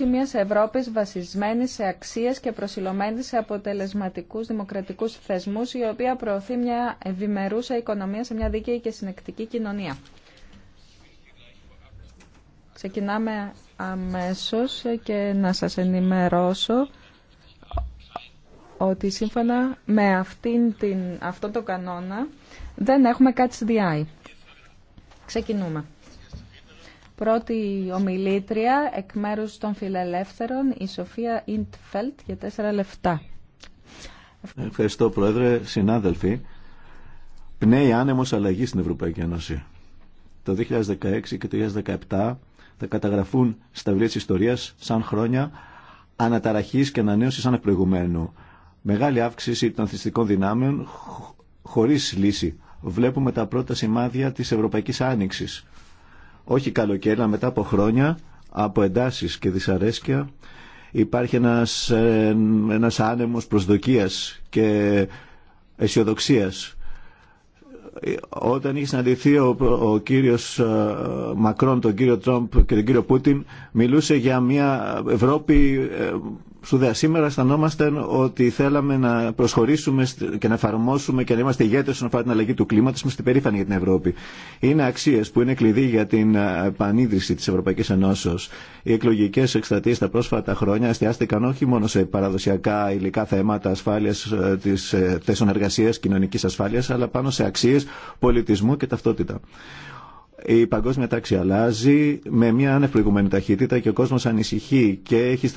Μια Ευρώπη βασισμένη σε αξίες και προσιλωμένη σε αποτελεσματικού δημοκρατικού θεσμού, η οποία προωθεί μια ευημερούσα οικονομία σε μια δίκαιη και συνεκτική κοινωνία. Ξεκινάμε αμέσως και να σας ενημερώσω ότι σύμφωνα με αυτήν την, κανόνα δεν έχουμε κάτι στη Ξεκινούμε. Πρώτη ομιλήτρια εκ μέρους των φιλελεύθερων, η Σοφία Ιντφέλτ για τέσσερα λεφτά. Ευχαριστώ Πρόεδρε, συνάδελφοι. Πνέει άνεμος αλλαγή στην Ευρωπαϊκή Ένωση. Το 2016 και το 2017 θα καταγραφούν στα βιβλία της ιστορίας σαν χρόνια αναταραχής και ανανέωσης αναπροηγουμένου. Μεγάλη αύξηση των θρηστικών δυνάμεων χωρίς λύση. Βλέπουμε τα πρώτα σημάδια της Ευρωπαϊκής Άνοιξης όχι καλοκαίρι, μετά από χρόνια, από εντάσεις και δυσαρέσκεια, υπάρχει ένας, ε, ένας άνεμος προσδοκίας και αισιοδοξία. Όταν είχε συναντηθεί ο, ο κύριος ε, Μακρόν, τον κύριο Τρόμπ και τον κύριο Πούτιν, μιλούσε για μια Ευρώπη ε, Σουδέα. Σήμερα αισθανόμαστε ότι θέλαμε να προσχωρήσουμε και να εφαρμόσουμε και να είμαστε ηγέτε όσον αφορά την αλλαγή του κλίματο. Είμαστε περήφανοι για την Ευρώπη. Είναι αξίε που είναι κλειδί για την επανίδρυση τη Ευρωπαϊκή Ενώσεω. Οι εκλογικέ εκστρατείε τα πρόσφατα χρόνια εστιάστηκαν όχι μόνο σε παραδοσιακά υλικά θέματα ασφάλεια ε, τη ε, θέσεων εργασία, κοινωνική ασφάλεια, αλλά πάνω σε αξίε πολιτισμού και ταυτότητα η παγκόσμια τάξη αλλάζει με μια ανευπροηγούμενη ταχύτητα και ο κόσμος ανησυχεί και έχει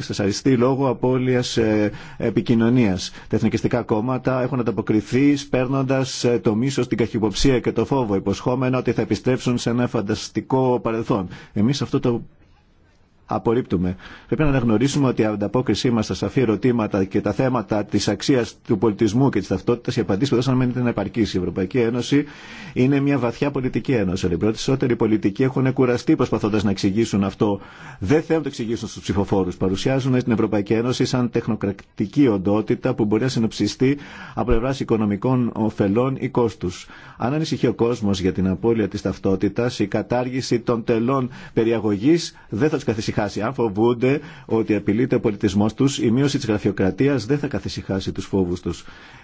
στεσαριστεί λόγω απώλειας ε, επικοινωνίας. Τα εθνικιστικά κόμματα έχουν ανταποκριθεί σπέρνοντα ε, το μίσο, την καχυποψία και το φόβο, υποσχόμενο ότι θα επιστρέψουν σε ένα φανταστικό παρελθόν. Εμεί αυτό το απορρίπτουμε. Πρέπει να αναγνωρίσουμε ότι η ανταπόκρισή μα στα σαφή ερωτήματα και τα θέματα τη αξία του πολιτισμού και τη ταυτότητα, οι απαντήσει που δώσαμε είναι επαρκή. Η Ευρωπαϊκή Ένωση είναι μια βαθιά πολιτική ένωση. Οι πρώτοι πολιτικοί έχουν κουραστεί προσπαθώντα να εξηγήσουν αυτό. Δεν θέλουν να το εξηγήσουν στου ψηφοφόρου. Παρουσιάζουν την Ευρωπαϊκή Ένωση σαν τεχνοκρατική οντότητα που μπορεί να συνοψιστεί από πλευρά οικονομικών ωφελών ή κόστου. Αν ανησυχεί ο κόσμο για την απώλεια τη ταυτότητα, η κατάργηση των τελών περιαγωγή δεν θα του καθησυχάσει καθησυχάσει. Αν φοβούνται ότι απειλείται ο πολιτισμό του, η μείωση τη γραφειοκρατία δεν θα καθησυχάσει του φόβου του.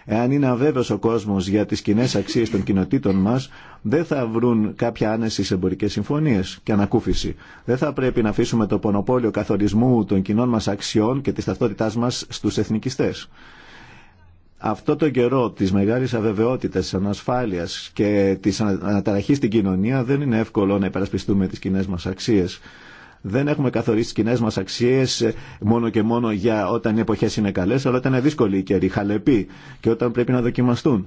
Εάν είναι αβέβαιο ο κόσμο για τι κοινέ αξίε των κοινοτήτων μα, δεν θα βρουν κάποια άνεση σε εμπορικέ συμφωνίε και ανακούφιση. Δεν θα πρέπει να αφήσουμε το πονοπόλιο καθορισμού των κοινών μα αξιών και τη ταυτότητά μα στου εθνικιστέ αυτό το καιρό τη μεγάλη αβεβαιότητας, της ανασφάλεια και τη αναταραχής στην κοινωνία δεν είναι εύκολο να υπερασπιστούμε τι κοινέ μα αξίε. Δεν έχουμε καθορίσει τι κοινέ μα αξίε ε, μόνο και μόνο για όταν οι εποχέ είναι καλέ, αλλά όταν είναι δύσκολοι οι καιροί, χαλεποί και όταν πρέπει να δοκιμαστούν.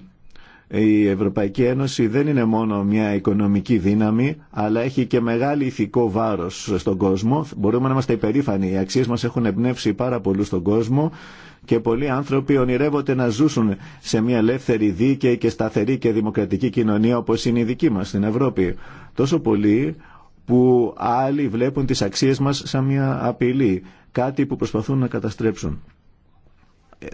Η Ευρωπαϊκή Ένωση δεν είναι μόνο μια οικονομική δύναμη, αλλά έχει και μεγάλη ηθικό βάρο στον κόσμο. Μπορούμε να είμαστε υπερήφανοι. Οι αξίε μα έχουν εμπνεύσει πάρα πολλού στον κόσμο και πολλοί άνθρωποι ονειρεύονται να ζούσουν σε μια ελεύθερη, δίκαιη και σταθερή και δημοκρατική κοινωνία όπω είναι η δική μα στην Ευρώπη. Τόσο πολύ που άλλοι βλέπουν τις αξίες μας σαν μια απειλή, κάτι που προσπαθούν να καταστρέψουν.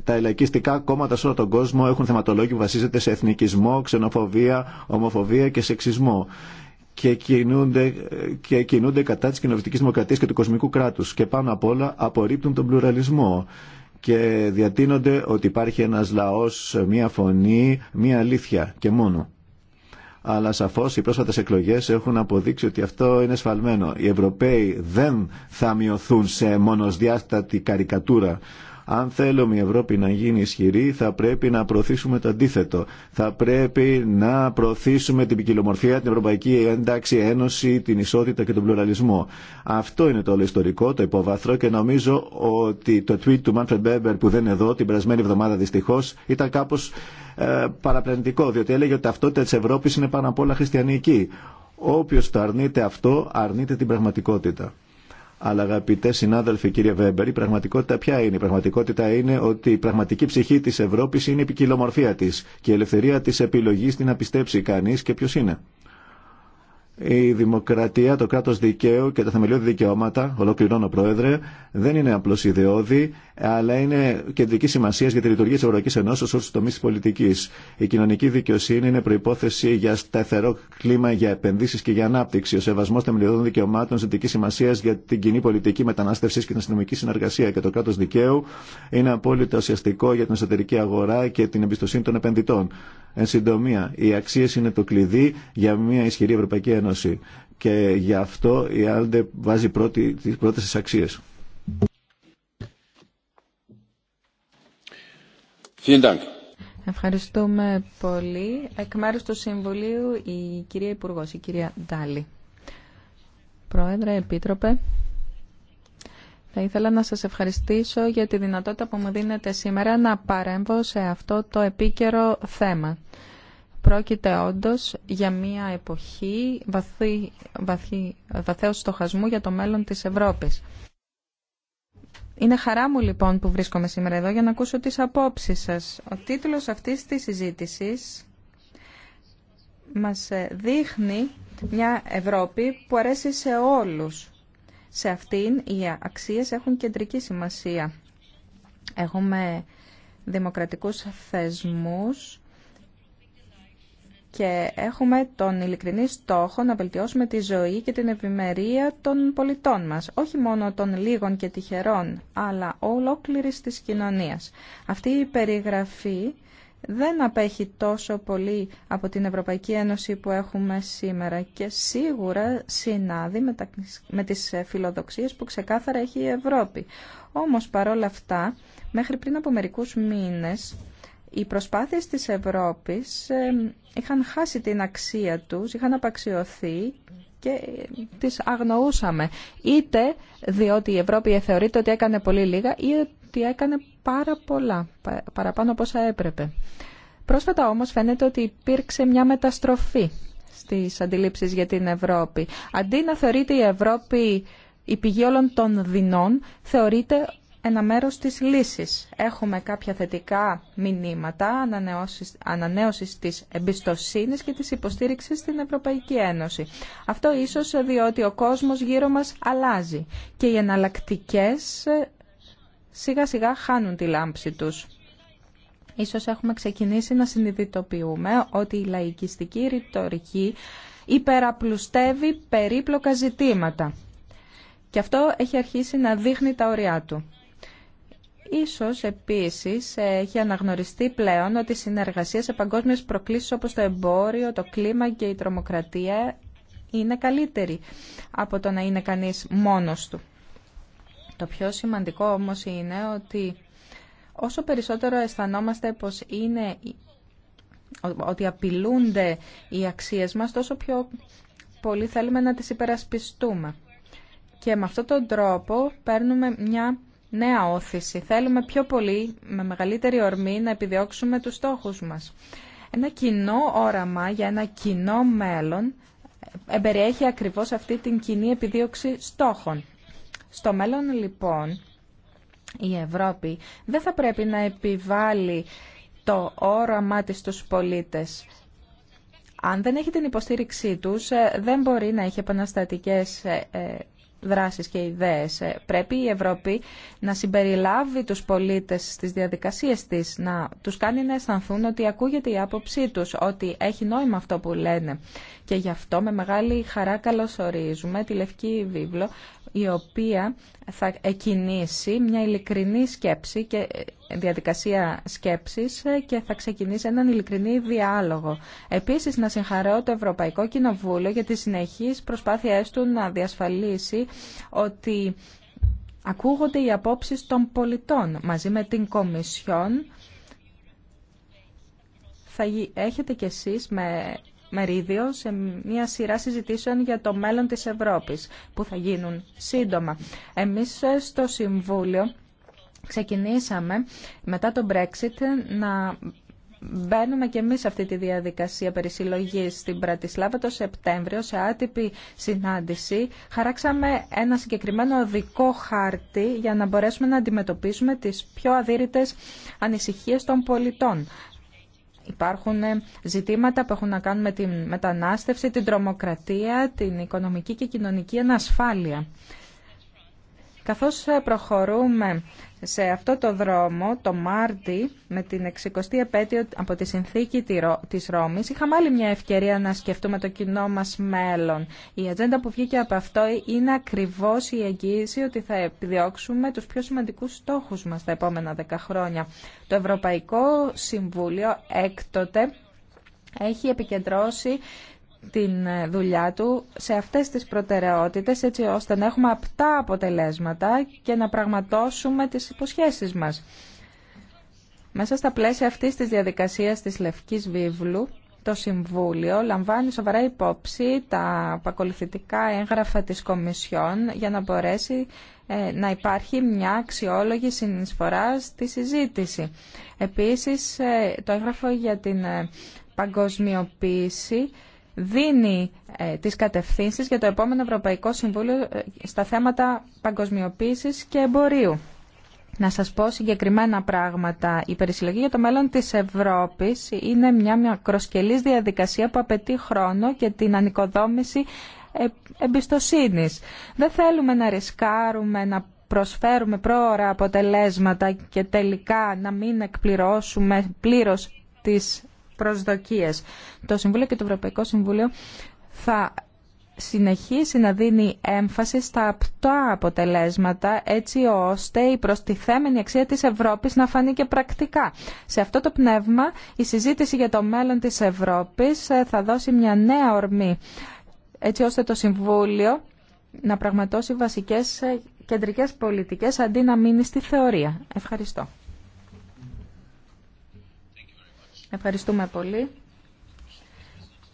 Τα ελακιστικά κόμματα σε όλο τον κόσμο έχουν θεματολόγιο που βασίζεται σε εθνικισμό, ξενοφοβία, ομοφοβία και σεξισμό και κινούνται, και κινούνται κατά της κοινοβουλευτικής δημοκρατίας και του κοσμικού κράτους και πάνω απ' όλα απορρίπτουν τον πλουραλισμό και διατείνονται ότι υπάρχει ένας λαός, μία φωνή, μία αλήθεια και μόνο αλλά σαφώς οι πρόσφατες εκλογές έχουν αποδείξει ότι αυτό είναι σφαλμένο. Οι Ευρωπαίοι δεν θα μειωθούν σε μονοσδιάστατη καρικατούρα. Αν θέλουμε η Ευρώπη να γίνει ισχυρή, θα πρέπει να προωθήσουμε το αντίθετο. Θα πρέπει να προωθήσουμε την ποικιλομορφία, την Ευρωπαϊκή Ένταξη, Ένωση, την ισότητα και τον πλουραλισμό. Αυτό είναι το όλο ιστορικό, το υποβαθρό και νομίζω ότι το tweet του Μάνφρεντ Μπέμπερ που δεν είναι εδώ την περασμένη εβδομάδα δυστυχώ ήταν κάπω ε, παραπλανητικό, διότι έλεγε ότι ταυτότητα της Ευρώπης είναι πάνω απ' όλα χριστιανική. Όποιο το αρνείται αυτό, αρνείται την πραγματικότητα. Αλλά αγαπητέ συνάδελφοι, κύριε Βέμπερ, η πραγματικότητα ποια είναι. Η πραγματικότητα είναι ότι η πραγματική ψυχή τη Ευρώπη είναι η ποικιλομορφία τη και η ελευθερία τη επιλογή την να πιστέψει κανεί και ποιο είναι. Η δημοκρατία, το κράτο δικαίου και τα θεμελιώδη δικαιώματα, ολοκληρώνω Πρόεδρε, δεν είναι απλώ ιδεώδη, αλλά είναι κεντρική σημασία για τη λειτουργία τη Ευρωπαϊκή Ένωση ω τομεί τη πολιτική. Η κοινωνική δικαιοσύνη είναι προπόθεση για σταθερό κλίμα για επενδύσει και για ανάπτυξη. Ο σεβασμό θεμελιωδών δικαιωμάτων ζητική σημασία για την κοινή πολιτική μετανάστευση και την αστυνομική συνεργασία και το κράτο δικαίου είναι απόλυτα ουσιαστικό για την εσωτερική αγορά και την εμπιστοσύνη των επενδυτών. Εν συντομία, οι αξίε είναι το κλειδί για μια ισχυρή Ευρωπαϊκή Ενώση και γι' αυτό η Άλντε βάζει πρώτη, τις πρώτες τις αξίες. Ευχαριστούμε πολύ. Εκ μέρους του Συμβουλίου η κυρία Υπουργό, η κυρία Ντάλη. Πρόεδρε, Επίτροπε, θα ήθελα να σας ευχαριστήσω για τη δυνατότητα που μου δίνετε σήμερα να παρέμβω σε αυτό το επίκαιρο θέμα. Πρόκειται όντως για μια εποχή βαθύ, βαθέως στοχασμού για το μέλλον της Ευρώπης. Είναι χαρά μου λοιπόν που βρίσκομαι σήμερα εδώ για να ακούσω τις απόψεις σας. Ο τίτλος αυτής της συζήτησης μας ε, δείχνει μια Ευρώπη που αρέσει σε όλους. Σε αυτήν οι αξίες έχουν κεντρική σημασία. Έχουμε δημοκρατικούς θεσμούς και έχουμε τον ειλικρινή στόχο να βελτιώσουμε τη ζωή και την ευημερία των πολιτών μας, όχι μόνο των λίγων και τυχερών, αλλά ολόκληρης της κοινωνίας. Αυτή η περιγραφή δεν απέχει τόσο πολύ από την Ευρωπαϊκή Ένωση που έχουμε σήμερα και σίγουρα συνάδει με τις φιλοδοξίες που ξεκάθαρα έχει η Ευρώπη. Όμως παρόλα αυτά, μέχρι πριν από μερικούς μήνες οι προσπάθειες της Ευρώπης είχαν χάσει την αξία τους, είχαν απαξιωθεί και ε, τις αγνοούσαμε. Είτε διότι η Ευρώπη θεωρείται ότι έκανε πολύ λίγα ή ότι έκανε πάρα πολλά, παραπάνω από όσα έπρεπε. Πρόσφατα όμως φαίνεται ότι υπήρξε μια μεταστροφή στις αντιλήψεις για την Ευρώπη. Αντί να θεωρείται η Ευρώπη η πηγή όλων των δεινών, θεωρείται ένα μέρος της λύσης. Έχουμε κάποια θετικά μηνύματα ανανέωσης της εμπιστοσύνης και της υποστήριξης στην Ευρωπαϊκή Ένωση. Αυτό ίσως διότι ο κόσμος γύρω μας αλλάζει και οι εναλλακτικέ ε, σιγά σιγά χάνουν τη λάμψη τους. Ίσως έχουμε ξεκινήσει να συνειδητοποιούμε ότι η λαϊκιστική ρητορική υπεραπλουστεύει περίπλοκα ζητήματα. Και αυτό έχει αρχίσει να δείχνει τα ωριά του. Ίσως επίσης έχει αναγνωριστεί πλέον ότι η συνεργασία σε παγκόσμιες προκλήσεις όπως το εμπόριο, το κλίμα και η τρομοκρατία είναι καλύτερη από το να είναι κανείς μόνος του. Το πιο σημαντικό όμως είναι ότι όσο περισσότερο αισθανόμαστε πως είναι ότι απειλούνται οι αξίες μας, τόσο πιο πολύ θέλουμε να τις υπερασπιστούμε. Και με αυτόν τον τρόπο παίρνουμε μια νέα όθηση. Θέλουμε πιο πολύ, με μεγαλύτερη ορμή, να επιδιώξουμε τους στόχους μας. Ένα κοινό όραμα για ένα κοινό μέλλον εμπεριέχει ακριβώς αυτή την κοινή επιδίωξη στόχων. Στο μέλλον, λοιπόν, η Ευρώπη δεν θα πρέπει να επιβάλλει το όραμά της στους πολίτες. Αν δεν έχει την υποστήριξή τους, ε, δεν μπορεί να έχει επαναστατικές ε, ε, δράσεις και ιδέες. Ε, πρέπει η Ευρώπη να συμπεριλάβει τους πολίτες στις διαδικασίες της, να τους κάνει να αισθανθούν ότι ακούγεται η άποψή τους, ότι έχει νόημα αυτό που λένε. Και γι' αυτό με μεγάλη χαρά καλωσορίζουμε τη Λευκή Βίβλο η οποία θα εκινήσει μια ειλικρινή σκέψη και ε, διαδικασία σκέψης ε, και θα ξεκινήσει έναν ειλικρινή διάλογο. Επίσης, να συγχαρώ το Ευρωπαϊκό Κοινοβούλιο για τις συνεχείς προσπάθειές του να διασφαλίσει ότι ακούγονται οι απόψεις των πολιτών μαζί με την Κομισιόν θα έχετε κι εσείς με μερίδιο σε μια σειρά συζητήσεων για το μέλλον της Ευρώπης που θα γίνουν σύντομα. Εμείς στο Συμβούλιο ξεκινήσαμε μετά το Brexit να Μπαίνουμε και εμείς σε αυτή τη διαδικασία περισυλλογής στην Πρατισλάβα το Σεπτέμβριο σε άτυπη συνάντηση. Χαράξαμε ένα συγκεκριμένο οδικό χάρτη για να μπορέσουμε να αντιμετωπίσουμε τις πιο αδύρυτες ανησυχίες των πολιτών. Υπάρχουν ε, ζητήματα που έχουν να κάνουν με την μετανάστευση, την τρομοκρατία, την οικονομική και κοινωνική ανασφάλεια. Καθώς ε, προχωρούμε σε αυτό το δρόμο, το Μάρτι, με την 60η επέτειο από τη συνθήκη της Ρώμης, είχαμε άλλη μια ευκαιρία να σκεφτούμε το κοινό μας μέλλον. Η ατζέντα που βγήκε από αυτό είναι ακριβώς η εγγύηση ότι θα επιδιώξουμε τους πιο σημαντικούς στόχους μας τα επόμενα δέκα χρόνια. Το Ευρωπαϊκό Συμβούλιο έκτοτε έχει επικεντρώσει την ε, δουλειά του σε αυτές τις προτεραιότητες έτσι ώστε να έχουμε απτά αποτελέσματα και να πραγματώσουμε τις υποσχέσεις μας. Μέσα στα πλαίσια αυτής της διαδικασίας της Λευκής Βίβλου, το Συμβούλιο λαμβάνει σοβαρά υπόψη τα πακολουθητικά έγγραφα της Κομισιόν για να μπορέσει ε, να υπάρχει μια αξιόλογη συνεισφορά στη συζήτηση. Επίσης, ε, το έγγραφο για την παγκοσμιοποίηση δίνει ε, τις κατευθύνσεις για το επόμενο Ευρωπαϊκό Συμβούλιο ε, στα θέματα παγκοσμιοποίησης και εμπορίου. Να σας πω συγκεκριμένα πράγματα. Η περισυλλογή για το μέλλον της Ευρώπης είναι μια μικροσκελής διαδικασία που απαιτεί χρόνο και την ανοικοδόμηση ε, εμπιστοσύνης. Δεν θέλουμε να ρισκάρουμε, να προσφέρουμε πρόωρα αποτελέσματα και τελικά να μην εκπληρώσουμε πλήρως τις προσδοκίες. Το Συμβούλιο και το Ευρωπαϊκό Συμβούλιο θα συνεχίσει να δίνει έμφαση στα απτά αποτελέσματα έτσι ώστε η προστιθέμενη αξία της Ευρώπης να φανεί και πρακτικά. Σε αυτό το πνεύμα η συζήτηση για το μέλλον της Ευρώπης ε, θα δώσει μια νέα ορμή έτσι ώστε το Συμβούλιο να πραγματώσει βασικές ε, κεντρικές πολιτικές αντί να μείνει στη θεωρία. Ευχαριστώ. Ευχαριστούμε πολύ.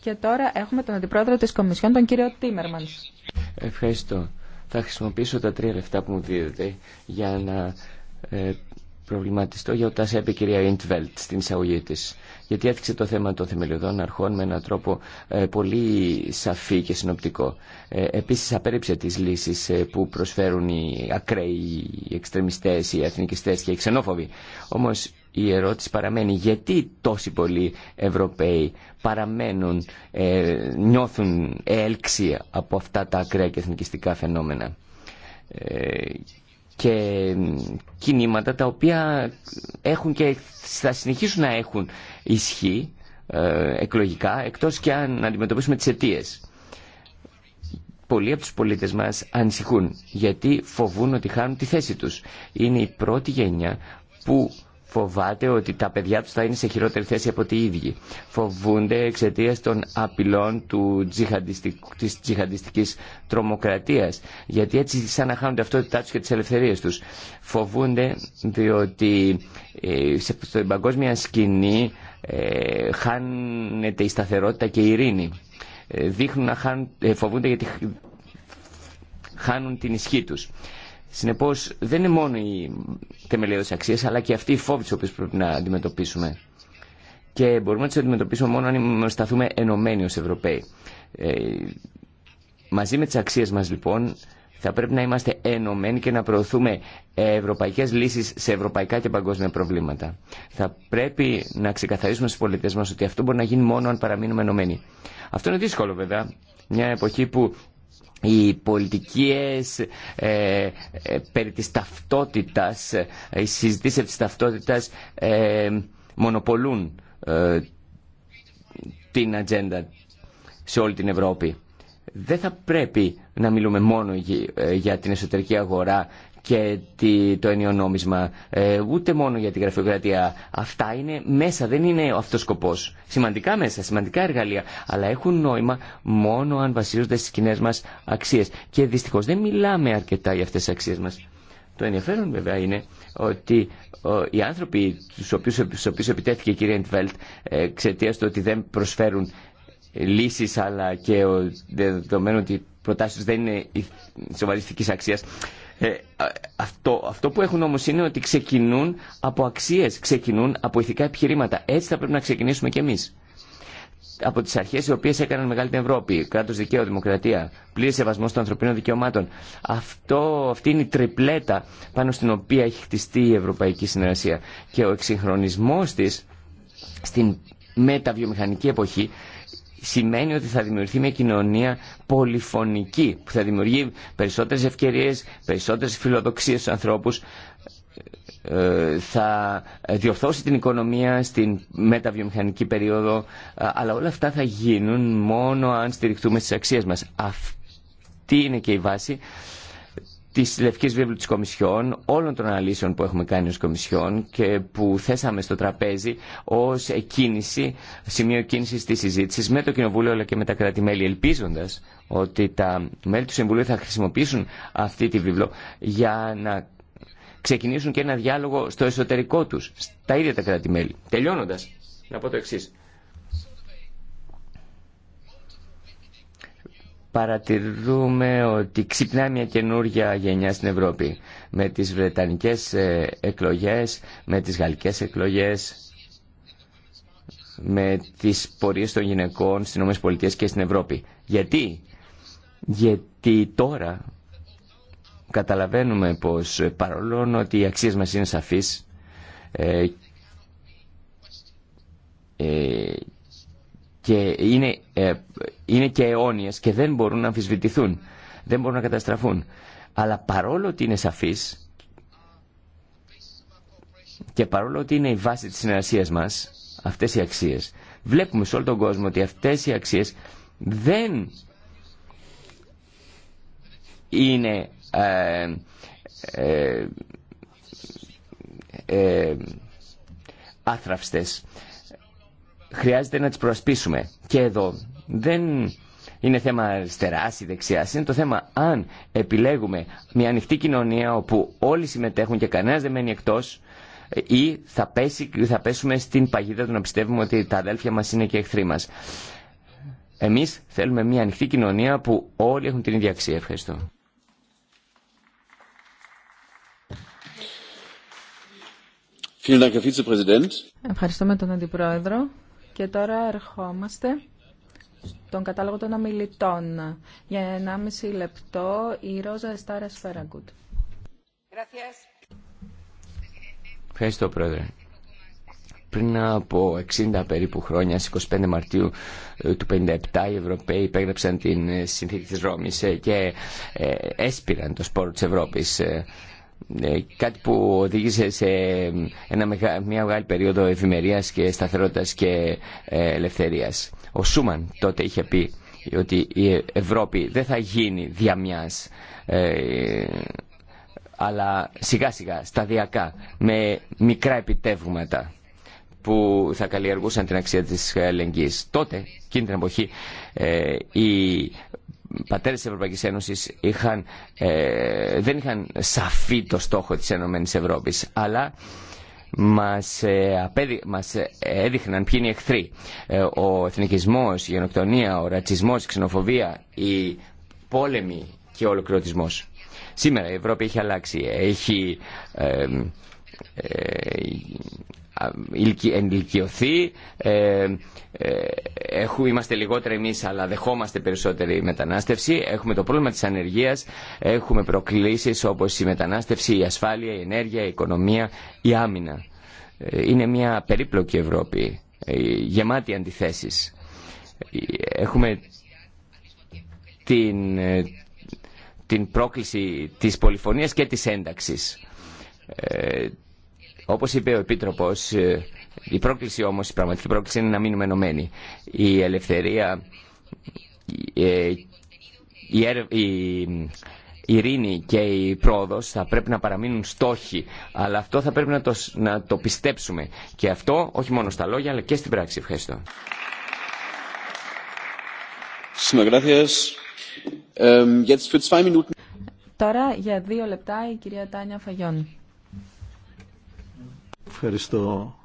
Και τώρα έχουμε τον Αντιπρόεδρο της Κομισιόν, τον κύριο Τίμερμαν. Ευχαριστώ. Θα χρησιμοποιήσω τα τρία λεφτά που μου δίδεται για να ε, προβληματιστώ για το έπαιξε η κυρία Ιντβέλτ στην εισαγωγή τη. Γιατί έθιξε το θέμα των θεμελιωδών αρχών με έναν τρόπο ε, πολύ σαφή και συνοπτικό. Ε, Επίση, απέρριψε τι λύσει ε, που προσφέρουν οι ακραίοι, οι εξτρεμιστέ, οι εθνικιστέ και οι ξενόφοβοι. Όμω, η ερώτηση παραμένει γιατί τόσοι πολλοί Ευρωπαίοι παραμένουν, ε, νιώθουν έλξη από αυτά τα ακραία και εθνικιστικά φαινόμενα ε, και κινήματα τα οποία έχουν και θα συνεχίσουν να έχουν ισχύ ε, εκλογικά εκτός και αν αντιμετωπίσουμε τις αιτίε. Πολλοί από τους πολίτες μας ανησυχούν γιατί φοβούν ότι χάνουν τη θέση τους. Είναι η πρώτη γενιά που φοβάται ότι τα παιδιά τους θα είναι σε χειρότερη θέση από τη ίδια. Φοβούνται εξαιτία των απειλών του τζιχαντιστικ, της τζιχαντιστικής τρομοκρατίας, γιατί έτσι σαν να χάνουν ταυτότητά τους και τις ελευθερίες τους. Φοβούνται διότι ε, στην παγκόσμια σκηνή ε, χάνεται η σταθερότητα και η ειρήνη. Ε, δείχνουν να χάνουν, ε, φοβούνται γιατί χάνουν την ισχύ τους. Συνεπώ δεν είναι μόνο η θεμελιώδεις αξίες αλλά και αυτοί οι φόβοι οποία πρέπει να αντιμετωπίσουμε. Και μπορούμε να τι αντιμετωπίσουμε μόνο αν σταθούμε ενωμένοι ω Ευρωπαίοι. Ε, μαζί με τι αξίε μα, λοιπόν θα πρέπει να είμαστε ενωμένοι και να προωθούμε ευρωπαϊκέ λύσει σε ευρωπαϊκά και παγκόσμια προβλήματα. Θα πρέπει να ξεκαθαρίσουμε στου πολιτέ μα ότι αυτό μπορεί να γίνει μόνο αν παραμείνουμε ενωμένοι. Αυτό είναι δύσκολο βέβαια. Μια εποχή που οι πολιτικές ε, ε, περί της ταυτότητας, οι ε, συζητήσεις της ταυτότητας ε, μονοπολούν την ατζέντα σε όλη την Ευρώπη. Δεν θα πρέπει να μιλούμε μόνο για την εσωτερική αγορά και το ενιονόμισμα, ε, ούτε μόνο για τη γραφειοκρατία. Αυτά είναι μέσα, δεν είναι αυτός ο σκοπός. Σημαντικά μέσα, σημαντικά εργαλεία, αλλά έχουν νόημα μόνο αν βασίζονται στις κοινέ μας αξίες. Και δυστυχώς δεν μιλάμε αρκετά για αυτές τις αξίες μας. Το ενδιαφέρον βέβαια είναι ότι οι άνθρωποι στους οποίους, στους οποίους επιτέθηκε η κυρία Εντβέλτ ε, εξαιτία του ότι δεν προσφέρουν λύσεις αλλά και δεδομένου ότι οι προτάσεις δεν είναι σοβαριστικής αξίας ε, αυτό, αυτό που έχουν όμως είναι ότι ξεκινούν από αξίες, ξεκινούν από ηθικά επιχειρήματα. Έτσι θα πρέπει να ξεκινήσουμε κι εμείς. Από τις αρχές οι οποίες έκαναν μεγάλη την Ευρώπη, κράτος δικαίου, δημοκρατία, πλήρης σεβασμός των ανθρωπίνων δικαιωμάτων. Αυτό, αυτή είναι η τριπλέτα πάνω στην οποία έχει χτιστεί η Ευρωπαϊκή Συνεργασία. Και ο εξυγχρονισμός της στην μεταβιομηχανική εποχή σημαίνει ότι θα δημιουργηθεί μια κοινωνία πολυφωνική που θα δημιουργεί περισσότερες ευκαιρίες, περισσότερες φιλοδοξίες στους ανθρώπους, ε, θα διορθώσει την οικονομία στην μεταβιομηχανική περίοδο, ε, αλλά όλα αυτά θα γίνουν μόνο αν στηριχτούμε στις αξίες μας. Αυτή είναι και η βάση της Λευκής Βίβλου της Κομισιόν, όλων των αναλύσεων που έχουμε κάνει ως Κομισιόν και που θέσαμε στο τραπέζι ως κίνηση, σημείο κίνησης της συζήτησης με το Κοινοβούλιο αλλά και με τα κρατη ελπίζοντας ότι τα μέλη του Συμβουλίου θα χρησιμοποιήσουν αυτή τη βίβλο για να ξεκινήσουν και ένα διάλογο στο εσωτερικό τους, στα ίδια τα κράτη-μέλη. Τελειώνοντας, να πω το εξής. παρατηρούμε ότι ξυπνά μια καινούργια γενιά στην Ευρώπη με τις Βρετανικές ε, εκλογές, με τις Γαλλικές εκλογές, με τις πορείες των γυναικών στις ΗΠΑ και στην Ευρώπη. Γιατί? Γιατί τώρα καταλαβαίνουμε πως ε, παρόλο ότι οι αξίες μας είναι σαφείς ε, και είναι, ε, είναι και αιώνιες και δεν μπορούν να αμφισβητηθούν, δεν μπορούν να καταστραφούν. Αλλά παρόλο ότι είναι σαφείς και παρόλο ότι είναι η βάση της συνεργασίας μας, αυτές οι αξίες, βλέπουμε σε όλο τον κόσμο ότι αυτές οι αξίες δεν είναι ε, ε, ε άθραυστες χρειάζεται να τις προσπίσουμε. Και εδώ δεν είναι θέμα αριστεράς ή δεξιά. Είναι το θέμα αν επιλέγουμε μια ανοιχτή κοινωνία όπου όλοι συμμετέχουν και κανένα δεν μένει εκτό, ή θα, πέσει, θα πέσουμε στην παγίδα του να πιστεύουμε ότι τα αδέλφια μα είναι και εχθροί μα. Εμεί θέλουμε μια ανοιχτή κοινωνία που όλοι έχουν την ίδια αξία. Ευχαριστώ. Ευχαριστούμε τον Αντιπρόεδρο. Και τώρα ερχόμαστε στον κατάλογο των ομιλητών. Για 1,5 λεπτό η Ρόζα Εστάρα Φέραγκουτ. Ευχαριστώ, Πρόεδρε. Πριν από 60 περίπου χρόνια, στις 25 Μαρτίου ε, του 1957, οι Ευρωπαίοι υπέγραψαν την ε, συνθήκη της Ρώμης ε, και έσπηραν το σπόρο της Ευρώπης. Ε, κάτι που οδήγησε σε μια μεγάλη περίοδο ευημερίας και σταθερότητας και ε, ελευθερίας. Ο Σούμαν τότε είχε πει ότι η Ευρώπη δεν θα γίνει διαμιάς, ε, αλλά σιγά σιγά, σταδιακά, με μικρά επιτεύγματα που θα καλλιεργούσαν την αξία της ελεγγύης. Τότε, εκείνη την εποχή, η πατέρες της Ευρωπαϊκής Ένωσης είχαν, ε, δεν είχαν σαφή το στόχο της Ενωμένης Ευρώπης, αλλά μας, ε, απέδει, μας ε, έδειχναν ποιοι είναι οι εχθροί. Ε, ο εθνικισμός, η γενοκτονία, ο ρατσισμός, η ξενοφοβία, η πόλεμη και ο ολοκληρωτισμός. Σήμερα η Ευρώπη έχει αλλάξει, έχει ενηλικιωθεί. Ε, ε είμαστε λιγότεροι εμείς αλλά δεχόμαστε περισσότερη μετανάστευση. Έχουμε το πρόβλημα της ανεργίας. Έχουμε προκλήσεις όπως η μετανάστευση, η ασφάλεια, η ενέργεια, η οικονομία, η άμυνα. Ε, είναι μια περίπλοκη Ευρώπη, ε, γεμάτη αντιθέσεις. Έχουμε την, την πρόκληση της πολυφωνίας και της ένταξης όπως είπε ο Επίτροπος, ε, η πρόκληση όμως, η πραγματική πρόκληση είναι να μείνουμε ενωμένοι. Η ελευθερία, ε, η, η, ειρήνη και η πρόοδο θα πρέπει να παραμείνουν στόχοι, αλλά αυτό θα πρέπει να το, πιστέψουμε. Και αυτό όχι μόνο στα λόγια, αλλά και στην πράξη. Ευχαριστώ. Τώρα για δύο λεπτά η κυρία Τάνια Φαγιόν. Ευχαριστώ,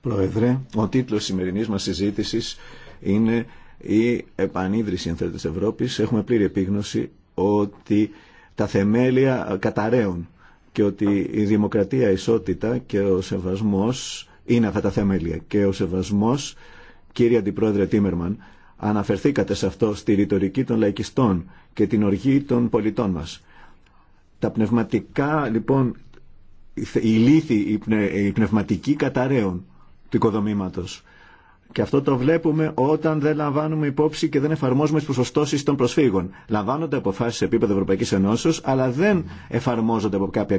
Πρόεδρε. Ο τίτλος σημερινής μας συζήτησης είναι η επανίδρυση, αν της Ευρώπης. Έχουμε πλήρη επίγνωση ότι τα θεμέλια καταραίουν και ότι η δημοκρατία, η ισότητα και ο σεβασμός είναι αυτά τα θεμέλια. Και ο σεβασμός, κύριε Αντιπρόεδρε Τίμερμαν, αναφερθήκατε σε αυτό στη ρητορική των λαϊκιστών και την οργή των πολιτών μας. Τα πνευματικά λοιπόν η λύθη, η πνε, πνευματικοί καταραίων του οικοδομήματος. Και αυτό το βλέπουμε όταν δεν λαμβάνουμε υπόψη και δεν εφαρμόζουμε τι προσωστώσει των προσφύγων. Λαμβάνονται αποφάσει σε επίπεδο Ευρωπαϊκή Ενώσεω, αλλά δεν εφαρμόζονται από κάποια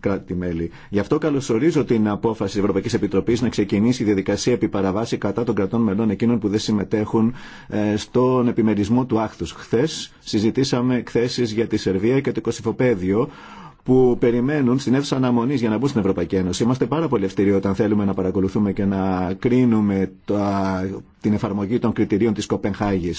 κράτη-μέλη. Γι' αυτό καλωσορίζω την απόφαση τη Ευρωπαϊκή Επιτροπή να ξεκινήσει η διαδικασία επιπαραβάση κατά των κρατών μελών εκείνων που δεν συμμετέχουν ε, στον επιμερισμό του άχθου. Χθε συζητήσαμε εκθέσει για τη Σερβία και το Κωσυφοπαίδιο, που περιμένουν στην αίθουσα αναμονή για να μπουν στην Ευρωπαϊκή Ένωση. Είμαστε πάρα πολύ αυστηροί όταν θέλουμε να παρακολουθούμε και να κρίνουμε την εφαρμογή των κριτηρίων τη Κοπενχάγη.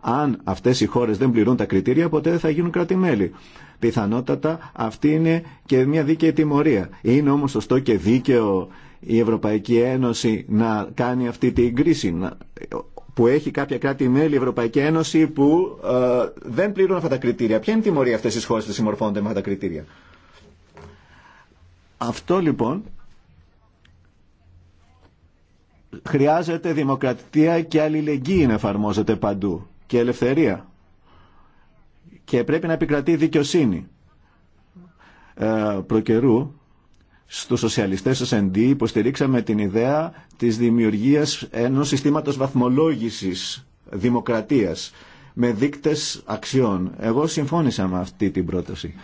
Αν αυτέ οι χώρε δεν πληρούν τα κριτήρια, ποτέ δεν θα γίνουν κράτη-μέλη. Πιθανότατα αυτή είναι και μια δίκαιη τιμωρία. Είναι όμω σωστό και δίκαιο η Ευρωπαϊκή Ένωση να κάνει αυτή την κρίση που έχει κάποια κράτη-μέλη, η Ευρωπαϊκή Ένωση, που ε, δεν πληρούν αυτά τα κριτήρια. Ποια είναι η τιμωρία αυτές τι χώρες που συμμορφώνονται με αυτά τα κριτήρια. Αυτό λοιπόν χρειάζεται δημοκρατία και αλληλεγγύη να εφαρμόζεται παντού και ελευθερία. Και πρέπει να επικρατεί δικαιοσύνη. Ε, προκαιρού στους σοσιαλιστές S&D υποστηρίξαμε την ιδέα της δημιουργίας ενός συστήματος βαθμολόγησης δημοκρατίας με δείκτες αξιών. Εγώ συμφώνησα με αυτή την πρόταση.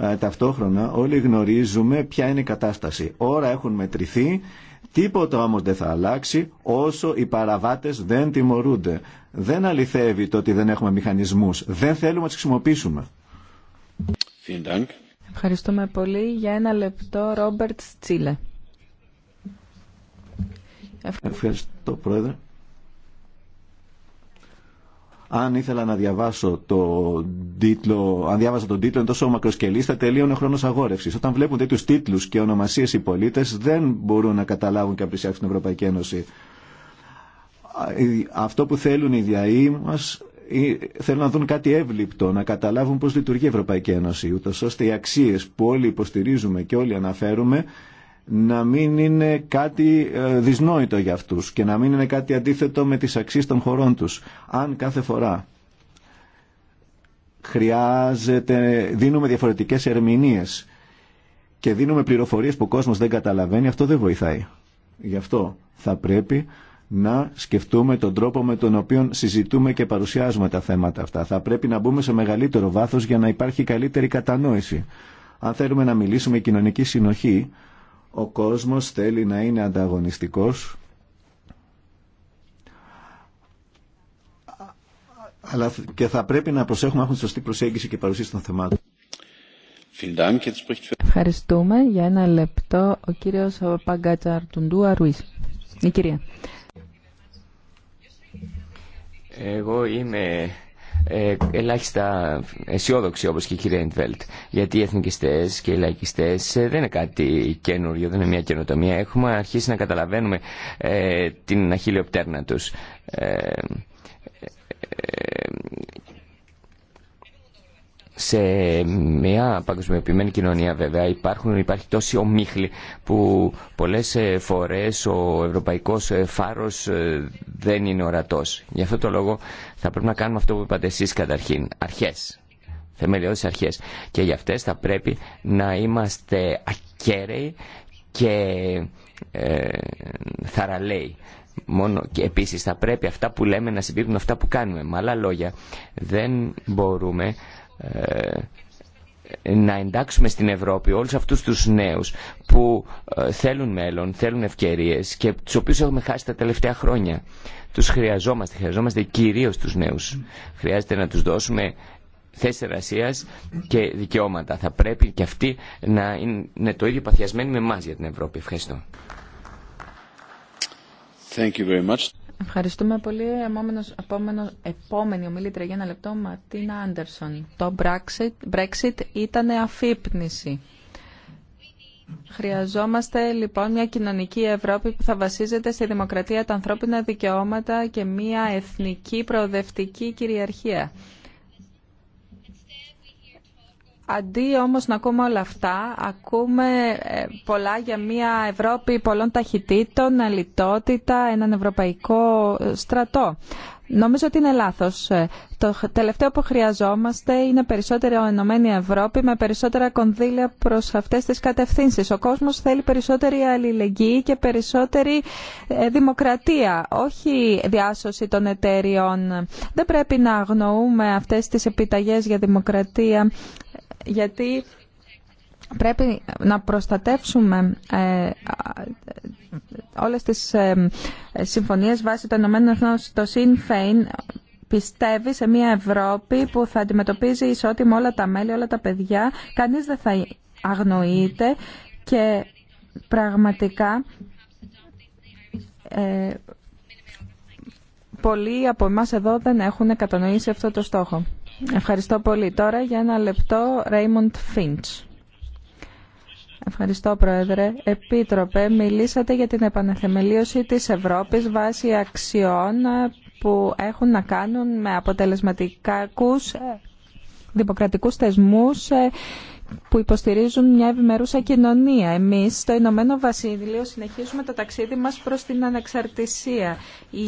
Ε, ταυτόχρονα όλοι γνωρίζουμε ποια είναι η κατάσταση. Ώρα έχουν μετρηθεί, τίποτα όμως δεν θα αλλάξει όσο οι παραβάτες δεν τιμωρούνται. Δεν αληθεύει το ότι δεν έχουμε μηχανισμούς. Δεν θέλουμε να τις χρησιμοποιήσουμε. Ευχαριστούμε πολύ. Για ένα λεπτό, Ρόμπερτ Τσίλε. Ευχαριστώ, Πρόεδρε. Αν ήθελα να διαβάσω το τίτλο, αν διάβασα τον τίτλο, είναι τόσο μακροσκελή, θα τελείωνε ο χρόνο αγόρευση. Όταν βλέπουν τέτοιου τίτλου και ονομασίε οι πολίτε, δεν μπορούν να καταλάβουν και απλησιάσουν την Ευρωπαϊκή Ένωση. Αυτό που θέλουν οι διαοί μα θέλουν να δουν κάτι εύληπτο, να καταλάβουν πώς λειτουργεί η Ευρωπαϊκή Ένωση, ούτω ώστε οι αξίες που όλοι υποστηρίζουμε και όλοι αναφέρουμε να μην είναι κάτι ε, δυσνόητο για αυτούς και να μην είναι κάτι αντίθετο με τις αξίες των χωρών τους. Αν κάθε φορά χρειάζεται, δίνουμε διαφορετικές ερμηνείες και δίνουμε πληροφορίες που ο κόσμος δεν καταλαβαίνει, αυτό δεν βοηθάει. Γι' αυτό θα πρέπει να σκεφτούμε τον τρόπο με τον οποίο συζητούμε και παρουσιάζουμε τα θέματα αυτά. Θα πρέπει να μπούμε σε μεγαλύτερο βάθος για να υπάρχει καλύτερη κατανόηση. Αν θέλουμε να μιλήσουμε κοινωνική συνοχή, ο κόσμος θέλει να είναι ανταγωνιστικός, αλλά και θα πρέπει να προσέχουμε να έχουν σωστή προσέγγιση και παρουσίαση των θεμάτων. Ευχαριστούμε. Για ένα λεπτό ο κύριος Παγκάτσαρ Η κυρία. Εγώ είμαι ε, ελάχιστα αισιόδοξη όπως και η κυρία Ιντβέλτ γιατί οι εθνικιστές και οι λαϊκιστές ε, δεν είναι κάτι καινούριο, δεν είναι μια καινοτομία έχουμε αρχίσει να καταλαβαίνουμε ε, την αχίλιο πτέρνα τους ε, ε σε μια παγκοσμιοποιημένη κοινωνία βέβαια υπάρχουν, υπάρχει τόση ομίχλη που πολλές ε, φορές ο ευρωπαϊκός ε, φάρος ε, δεν είναι ορατός. Γι' αυτό το λόγο θα πρέπει να κάνουμε αυτό που είπατε εσείς καταρχήν, αρχές, θεμελιώδεις αρχές. Και για αυτές θα πρέπει να είμαστε ακέραιοι και ε, θαραλέοι. Μόνο και επίσης θα πρέπει αυτά που λέμε να συμπίπτουν αυτά που κάνουμε. Με άλλα λόγια δεν μπορούμε ε, να εντάξουμε στην Ευρώπη όλους αυτούς τους νέους που ε, θέλουν μέλλον, θέλουν ευκαιρίες και τους οποίους έχουμε χάσει τα τελευταία χρόνια. Τους χρειαζόμαστε, χρειαζόμαστε κυρίως τους νέους. Χρειάζεται να τους δώσουμε θέσεις εργασία και δικαιώματα. Θα πρέπει και αυτοί να είναι το ίδιο παθιασμένοι με εμά για την Ευρώπη. Ευχαριστώ. Thank you Ευχαριστούμε πολύ. Επόμενος, επόμενος, επόμενη ομιλήτρια για ένα λεπτό, Ματίνα Άντερσον. Το Brexit, Brexit ήταν αφύπνιση. Χρειαζόμαστε λοιπόν μια κοινωνική Ευρώπη που θα βασίζεται στη δημοκρατία, τα ανθρώπινα δικαιώματα και μια εθνική προοδευτική κυριαρχία. Αντί όμως να ακούμε όλα αυτά, ακούμε ε, πολλά για μια Ευρώπη πολλών ταχυτήτων, αλητότητα, έναν ευρωπαϊκό ε, στρατό. Νομίζω ότι είναι λάθος. Ε. Το τελευταίο που χρειαζόμαστε είναι περισσότερη ενωμένη Ευρώπη με περισσότερα κονδύλια προς αυτές τις κατευθύνσεις. Ο κόσμος θέλει περισσότερη αλληλεγγύη και περισσότερη δημοκρατία, όχι διάσωση των εταιριών. Δεν πρέπει να αγνοούμε αυτές τις επιταγές για δημοκρατία γιατί πρέπει να προστατεύσουμε ε, όλες τις ε, συμφωνίες βάσει των ΗΕ, Το Sinn Féin πιστεύει σε μια Ευρώπη που θα αντιμετωπίζει ισότιμα όλα τα μέλη, όλα τα παιδιά. Κανείς δεν θα αγνοείται και πραγματικά ε, πολλοί από εμάς εδώ δεν έχουν κατανοήσει αυτό το στόχο. Ευχαριστώ πολύ. Τώρα για ένα λεπτό, Raymond Finch. Ευχαριστώ, Πρόεδρε. Επίτροπε, μιλήσατε για την επαναθεμελίωση της Ευρώπης βάσει αξιών που έχουν να κάνουν με αποτελεσματικούς ε, δημοκρατικούς θεσμούς ε, που υποστηρίζουν μια ευημερούσα κοινωνία. Εμείς στο Ηνωμένο Βασίλειο συνεχίζουμε το ταξίδι μας προς την ανεξαρτησία. Η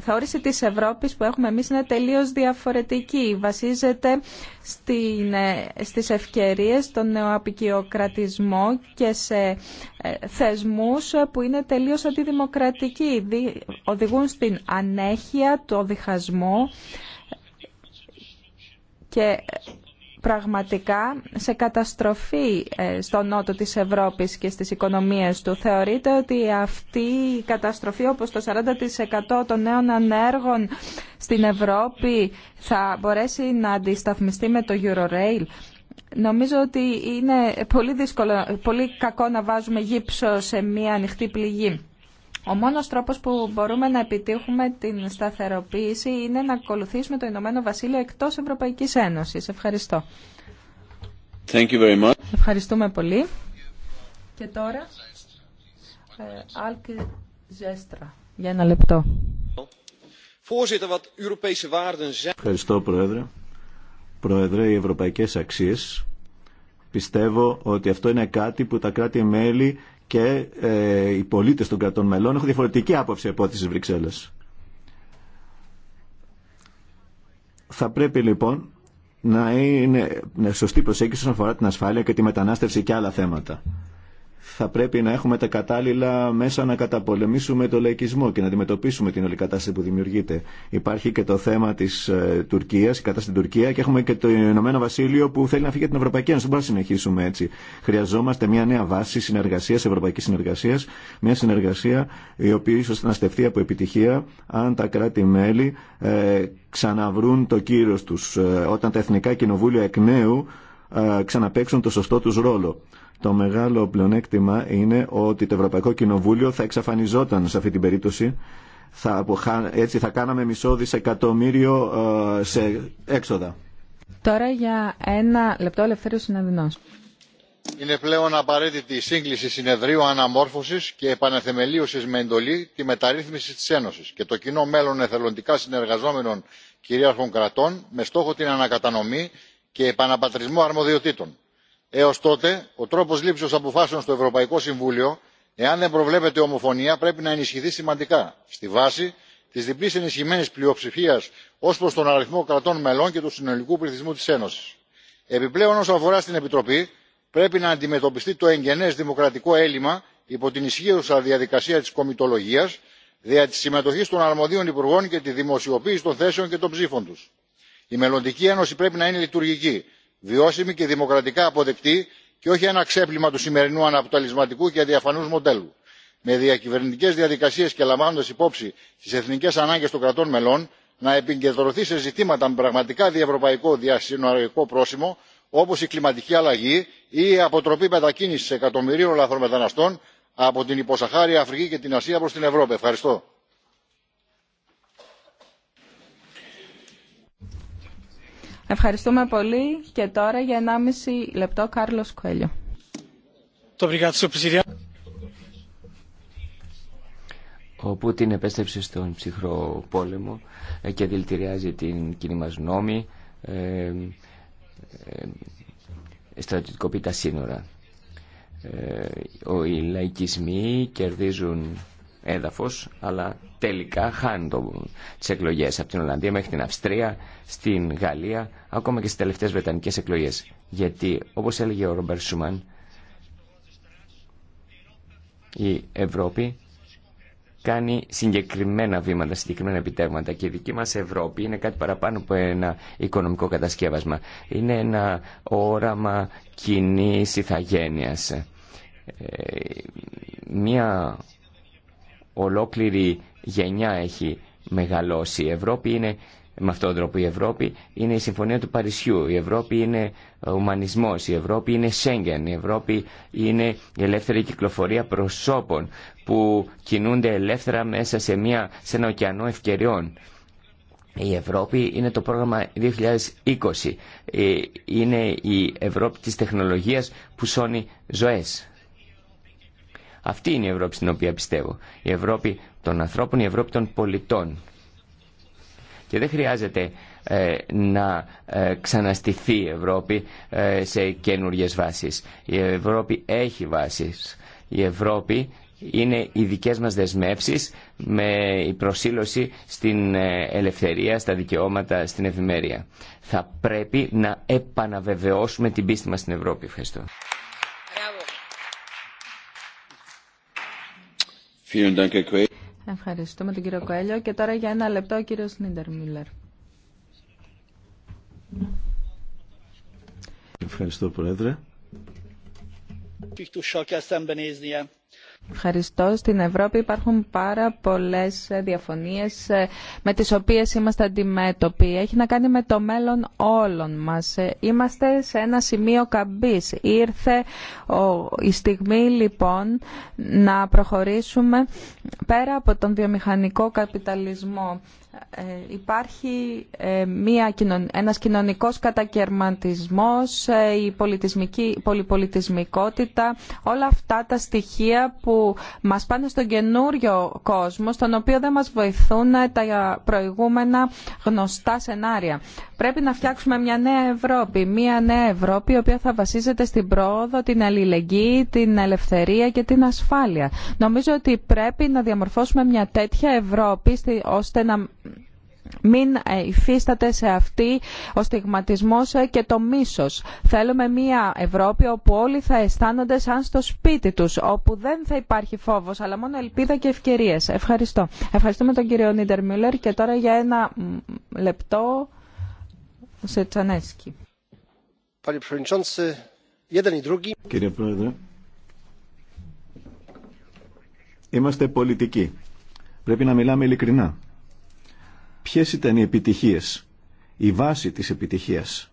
θεώρηση της Ευρώπης που έχουμε εμείς είναι τελείως διαφορετική. Βασίζεται στην, ε, στις ευκαιρίες, στον νεοαπικιοκρατισμό και σε ε, θεσμούς που είναι τελείως αντιδημοκρατικοί. Οδηγούν στην ανέχεια, το διχασμό και πραγματικά σε καταστροφή ε, στον νότο της Ευρώπης και στις οικονομίες του. Θεωρείτε ότι αυτή η καταστροφή όπως το 40% των νέων ανέργων στην Ευρώπη θα μπορέσει να αντισταθμιστεί με το Eurorail. Νομίζω ότι είναι πολύ δύσκολο, πολύ κακό να βάζουμε γύψο σε μία ανοιχτή πληγή. Ο μόνος τρόπος που μπορούμε να επιτύχουμε την σταθεροποίηση είναι να ακολουθήσουμε το Ηνωμένο Βασίλειο εκτός Ευρωπαϊκής Ένωσης. Ευχαριστώ. Thank you very much. Ευχαριστούμε πολύ. Και τώρα, ε, Άλκη Ζέστρα, για ένα λεπτό. Ευχαριστώ, Πρόεδρε. Πρόεδρε, οι ευρωπαϊκές αξίες πιστεύω ότι αυτό είναι κάτι που τα κράτη-μέλη και ε, οι πολίτε των κρατών μελών έχουν διαφορετική άποψη από τις Βρυξέλλε. Θα πρέπει λοιπόν να είναι σωστή προσέγγιση όσον αφορά την ασφάλεια και τη μετανάστευση και άλλα θέματα θα πρέπει να έχουμε τα κατάλληλα μέσα να καταπολεμήσουμε το λαϊκισμό και να αντιμετωπίσουμε την όλη κατάσταση που δημιουργείται. Υπάρχει και το θέμα τη ε, Τουρκία, η κατάσταση στην Τουρκία και έχουμε και το Ηνωμένο Βασίλειο που θέλει να φύγει από την Ευρωπαϊκή Ένωση. Δεν μπορούμε να συνεχίσουμε έτσι. Χρειαζόμαστε μια νέα βάση συνεργασία, ευρωπαϊκή συνεργασία, μια συνεργασία η οποία ίσω να στεφθεί από επιτυχία αν τα κράτη-μέλη ε, ξαναβρούν το κύρο του, ε, όταν τα εθνικά κοινοβούλια εκ νέου ε, το σωστό του ρόλο. Το μεγάλο πλεονέκτημα είναι ότι το Ευρωπαϊκό Κοινοβούλιο θα εξαφανιζόταν σε αυτή την περίπτωση. Θα, έτσι θα κάναμε μισό δισεκατομμύριο ε, σε έξοδα. Τώρα για ένα λεπτό ελευθέρω συναδεινός. Είναι πλέον απαραίτητη η σύγκληση συνεδρίου αναμόρφωσης και επανεθεμελίωση με εντολή τη μεταρρύθμιση τη Ένωση και το κοινό μέλλον εθελοντικά συνεργαζόμενων κυρίαρχων κρατών με στόχο την ανακατανομή και επαναπατρισμό αρμοδιοτήτων Έω τότε ο τρόπο λήψη αποφάσεων στο ευρωπαϊκό συμβούλιο εάν δεν προβλέπεται ομοφωνία πρέπει να ενισχυθεί σημαντικά στη βάση τη διπλή ενισχυμένη πλειοψηφία ω προ τον αριθμό κρατών μελών και του συνολικού πληθυσμού τη Ένωση. επιπλέον όσον αφορά στην επιτροπή πρέπει να αντιμετωπιστεί το εγγενές δημοκρατικό έλλειμμα υπό την ισχύουσα διαδικασία τη κομιτολογία δια τη συμμετοχή των αρμοδίων υπουργών και τη δημοσιοποίηση των θέσεων και των ψήφων του. η μελλοντική ένωση πρέπει να είναι λειτουργική βιώσιμη και δημοκρατικά αποδεκτή και όχι ένα ξέπλυμα του σημερινού αναποτελεσματικού και διαφανούς μοντέλου. με διακυβερνητικέ διαδικασίε και λαμβάνοντα υπόψη τι εθνικέ ανάγκε των κρατών μελών να επικεντρωθεί σε ζητήματα με πραγματικά διευρωπαϊκό διασυνοριακό πρόσημο όπω η κλιματική αλλαγή ή η αποτροπή μετακίνηση εκατομμυρίων λαθρομεταναστών από την υποσαχάρια αφρική και την ασία προ την ευρώπη. ευχαριστώ. Ευχαριστούμε πολύ και τώρα για 1,5 λεπτό Κάρλος Κουέλιο. Ο Πούτιν επέστρεψε στον ψυχρό πόλεμο ε, και δηλητηριάζει την κοινή μας νόμη, ε, ε, στρατιωτικοποιεί τα σύνορα. Ε, οι λαϊκισμοί κερδίζουν έδαφος, αλλά τελικά χάνει το, τις εκλογές από την Ολλανδία μέχρι την Αυστρία, στην Γαλλία, ακόμα και στις τελευταίες Βρετανικές εκλογές. Γιατί, όπως έλεγε ο Ρόμπερ Σούμαν, η Ευρώπη κάνει συγκεκριμένα βήματα, συγκεκριμένα επιτεύγματα και η δική μας Ευρώπη είναι κάτι παραπάνω από ένα οικονομικό κατασκεύασμα. Είναι ένα όραμα κοινή ηθαγένειας. Ε, μια ολόκληρη γενιά έχει μεγαλώσει. Η Ευρώπη είναι, με αυτόν τον τρόπο η Ευρώπη είναι η Συμφωνία του Παρισιού, η Ευρώπη είναι ο ουμανισμός, η Ευρώπη είναι Σέγγεν, η Ευρώπη είναι η ελεύθερη κυκλοφορία προσώπων που κινούνται ελεύθερα μέσα σε, μια, σε ένα ωκεανό ευκαιριών. Η Ευρώπη είναι το πρόγραμμα 2020. Ε, είναι η Ευρώπη της τεχνολογίας που σώνει ζωές. Αυτή είναι η Ευρώπη στην οποία πιστεύω. Η Ευρώπη των ανθρώπων, η Ευρώπη των πολιτών. Και δεν χρειάζεται ε, να ε, ξαναστηθεί η Ευρώπη ε, σε καινούριε βάσεις. Η Ευρώπη έχει βάσεις. Η Ευρώπη είναι οι δικές μας δεσμεύσεις με η προσήλωση στην ελευθερία, στα δικαιώματα, στην ευημερία. Θα πρέπει να επαναβεβαιώσουμε την πίστη μας στην Ευρώπη. Ευχαριστώ. Ευχαριστούμε τον κύριο Κοέλιο. Και τώρα για ένα λεπτό ο κύριος Νίντερ Ευχαριστώ, Πρόεδρε. Ευχαριστώ. Στην Ευρώπη υπάρχουν πάρα πολλές διαφωνίες ε, με τις οποίες είμαστε αντιμέτωποι. Έχει να κάνει με το μέλλον όλων μας. Ε, είμαστε σε ένα σημείο καμπής. Ήρθε η στιγμή λοιπόν να προχωρήσουμε πέρα από τον βιομηχανικό καπιταλισμό. Ε, υπάρχει ε, μια, ένας κοινωνικός κατακαιρματισμός, ε, η πολυπολιτισμικότητα, όλα αυτά τα στοιχεία που μας πάνε στον καινούριο κόσμο, στον οποίο δεν μας βοηθούν τα προηγούμενα γνωστά σενάρια. Πρέπει να φτιάξουμε μια νέα Ευρώπη, μια νέα Ευρώπη η οποία θα βασίζεται στην πρόοδο, την αλληλεγγύη, την ελευθερία και την ασφάλεια. Νομίζω ότι πρέπει να διαμορφώσουμε μια τέτοια Ευρώπη ώστε να μην ε, υφίσταται σε αυτή ο στιγματισμός ε, και το μίσος. Θέλουμε μια Ευρώπη όπου όλοι θα αισθάνονται σαν στο σπίτι τους, όπου δεν θα υπάρχει φόβος, αλλά μόνο ελπίδα και ευκαιρίες. Ευχαριστώ. Ευχαριστούμε τον κύριο Νίτερ Μιούλερ και τώρα για ένα λεπτό σε Τσανέσκι. Κύριε Πρόεδρε, είμαστε πολιτικοί. Πρέπει να μιλάμε ειλικρινά ποιες ήταν οι επιτυχίες, η βάση της επιτυχίας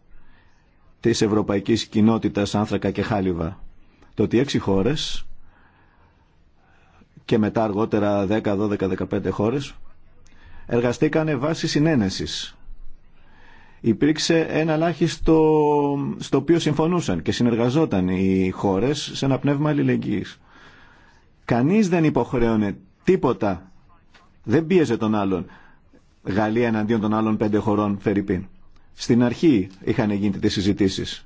της Ευρωπαϊκής Κοινότητας Άνθρακα και Χάλιβα. Το ότι έξι χώρες και μετά αργότερα 10, 12, 15 χώρες εργαστήκανε βάση συνένεσης. Υπήρξε ένα ελάχιστο στο οποίο συμφωνούσαν και συνεργαζόταν οι χώρες σε ένα πνεύμα αλληλεγγύης. Κανείς δεν υποχρέωνε τίποτα, δεν πίεζε τον άλλον Γαλλία εναντίον των άλλων πέντε χωρών Φερρυπίν. Στην αρχή είχαν γίνει τις συζητήσεις.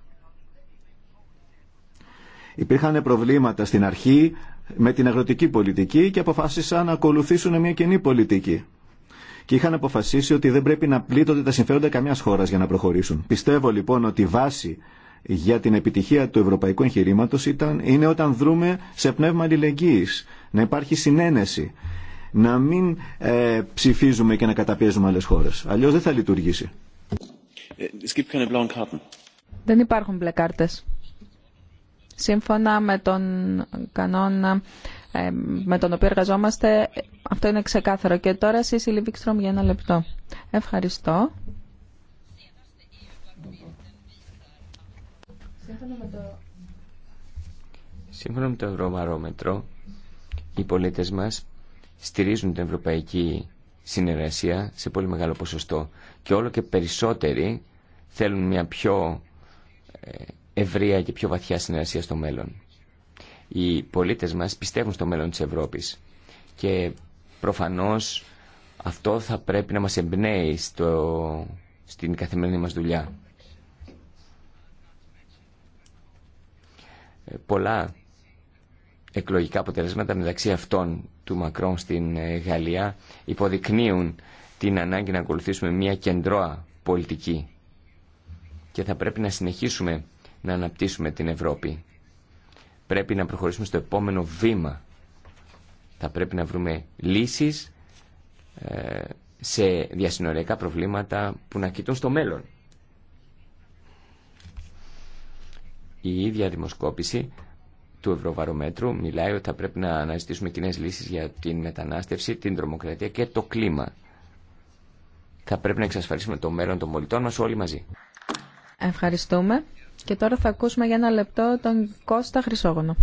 Υπήρχαν προβλήματα στην αρχή με την αγροτική πολιτική και αποφάσισαν να ακολουθήσουν μια κοινή πολιτική. Και είχαν αποφασίσει ότι δεν πρέπει να πλήττονται τα συμφέροντα καμιά χώρα για να προχωρήσουν. Πιστεύω λοιπόν ότι η βάση για την επιτυχία του ευρωπαϊκού εγχειρήματο είναι όταν δρούμε σε πνεύμα αλληλεγγύη, να υπάρχει συνένεση να μην ε, ψηφίζουμε και να καταπιέζουμε άλλες χώρες. Αλλιώς δεν θα λειτουργήσει. Ε, δεν υπάρχουν μπλε κάρτες. Σύμφωνα με τον κανόνα ε, με τον οποίο εργαζόμαστε, αυτό είναι ξεκάθαρο. Και τώρα Σίση Λιβίξτρομ, για ένα λεπτό. Ευχαριστώ. Σύμφωνα με το, Ευρωβαρόμετρο, οι πολίτες μας στηρίζουν την ευρωπαϊκή συνεργασία σε πολύ μεγάλο ποσοστό και όλο και περισσότεροι θέλουν μια πιο ε, ευρεία και πιο βαθιά συνεργασία στο μέλλον. Οι πολίτες μας πιστεύουν στο μέλλον της Ευρώπης και προφανώς αυτό θα πρέπει να μας εμπνέει στο, στην καθημερινή μας δουλειά. Ε, πολλά εκλογικά αποτελέσματα μεταξύ αυτών του Μακρόν στην ε, Γαλλία υποδεικνύουν την ανάγκη να ακολουθήσουμε μια κεντρώα πολιτική και θα πρέπει να συνεχίσουμε να αναπτύσσουμε την Ευρώπη. Πρέπει να προχωρήσουμε στο επόμενο βήμα. Θα πρέπει να βρούμε λύσεις ε, σε διασυνοριακά προβλήματα που να κοιτούν στο μέλλον. Η ίδια δημοσκόπηση του Ευρωβαρομέτρου μιλάει ότι θα πρέπει να αναζητήσουμε κοινέ λύσεις για την μετανάστευση, την τρομοκρατία και το κλίμα. Θα πρέπει να εξασφαλίσουμε το μέλλον των πολιτών μα όλοι μαζί. Ευχαριστούμε. Και τώρα θα ακούσουμε για ένα λεπτό τον Κώστα Χρυσόγονο.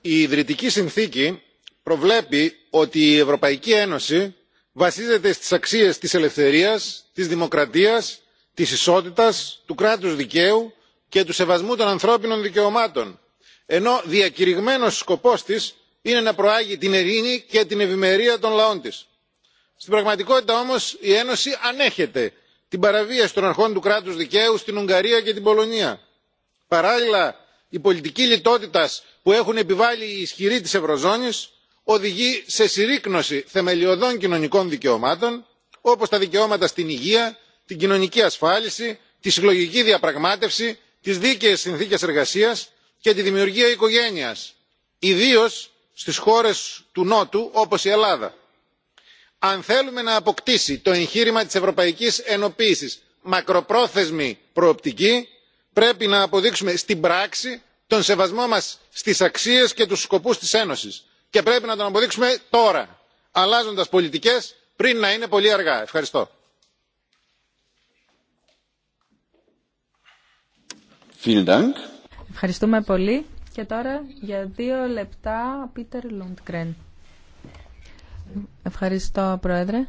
Η ιδρυτική συνθήκη προβλέπει ότι η Ευρωπαϊκή Ένωση βασίζεται στις αξίες της ελευθερίας, της δημοκρατίας, της ισότητας, του κράτους δικαίου και του σεβασμού των ανθρώπινων δικαιωμάτων ενώ διακηρυγμένος σκοπός της είναι να προάγει την ειρήνη και την ευημερία των λαών της. στην πραγματικότητα όμως η ένωση ανέχεται την παραβίαση των αρχών του κράτους δικαίου στην ουγγαρία και την πολωνία. παράλληλα η πολιτική λιτότητα που έχουν επιβάλει οι ισχυροί της ευρωζώνης οδηγεί σε συρρήκνωση θεμελιωδών κοινωνικών δικαιωμάτων όπως τα δικαιώματα στην υγεία την κοινωνική ασφάλιση τη συλλογική διαπραγμάτευση τις δίκαιε συνθήκε εργασίας και τη δημιουργία οικογένεια, ιδίω στις χώρες του νότου όπως η ελλάδα. αν θέλουμε να αποκτήσει το εγχείρημα τη Ευρωπαϊκή ενοποίησης μακροπρόθεσμη προοπτική πρέπει να αποδείξουμε στην πράξη τον σεβασμό μας στις αξίες και τους σκοπούς της ένωσης και πρέπει να τον αποδείξουμε τώρα αλλάζοντα πολιτικέ πριν να είναι πολύ αργά. ευχαριστώ. Ευχαριστούμε πολύ. Και τώρα για δύο λεπτά, Πίτερ Λούντκρεν. Ευχαριστώ, Πρόεδρε.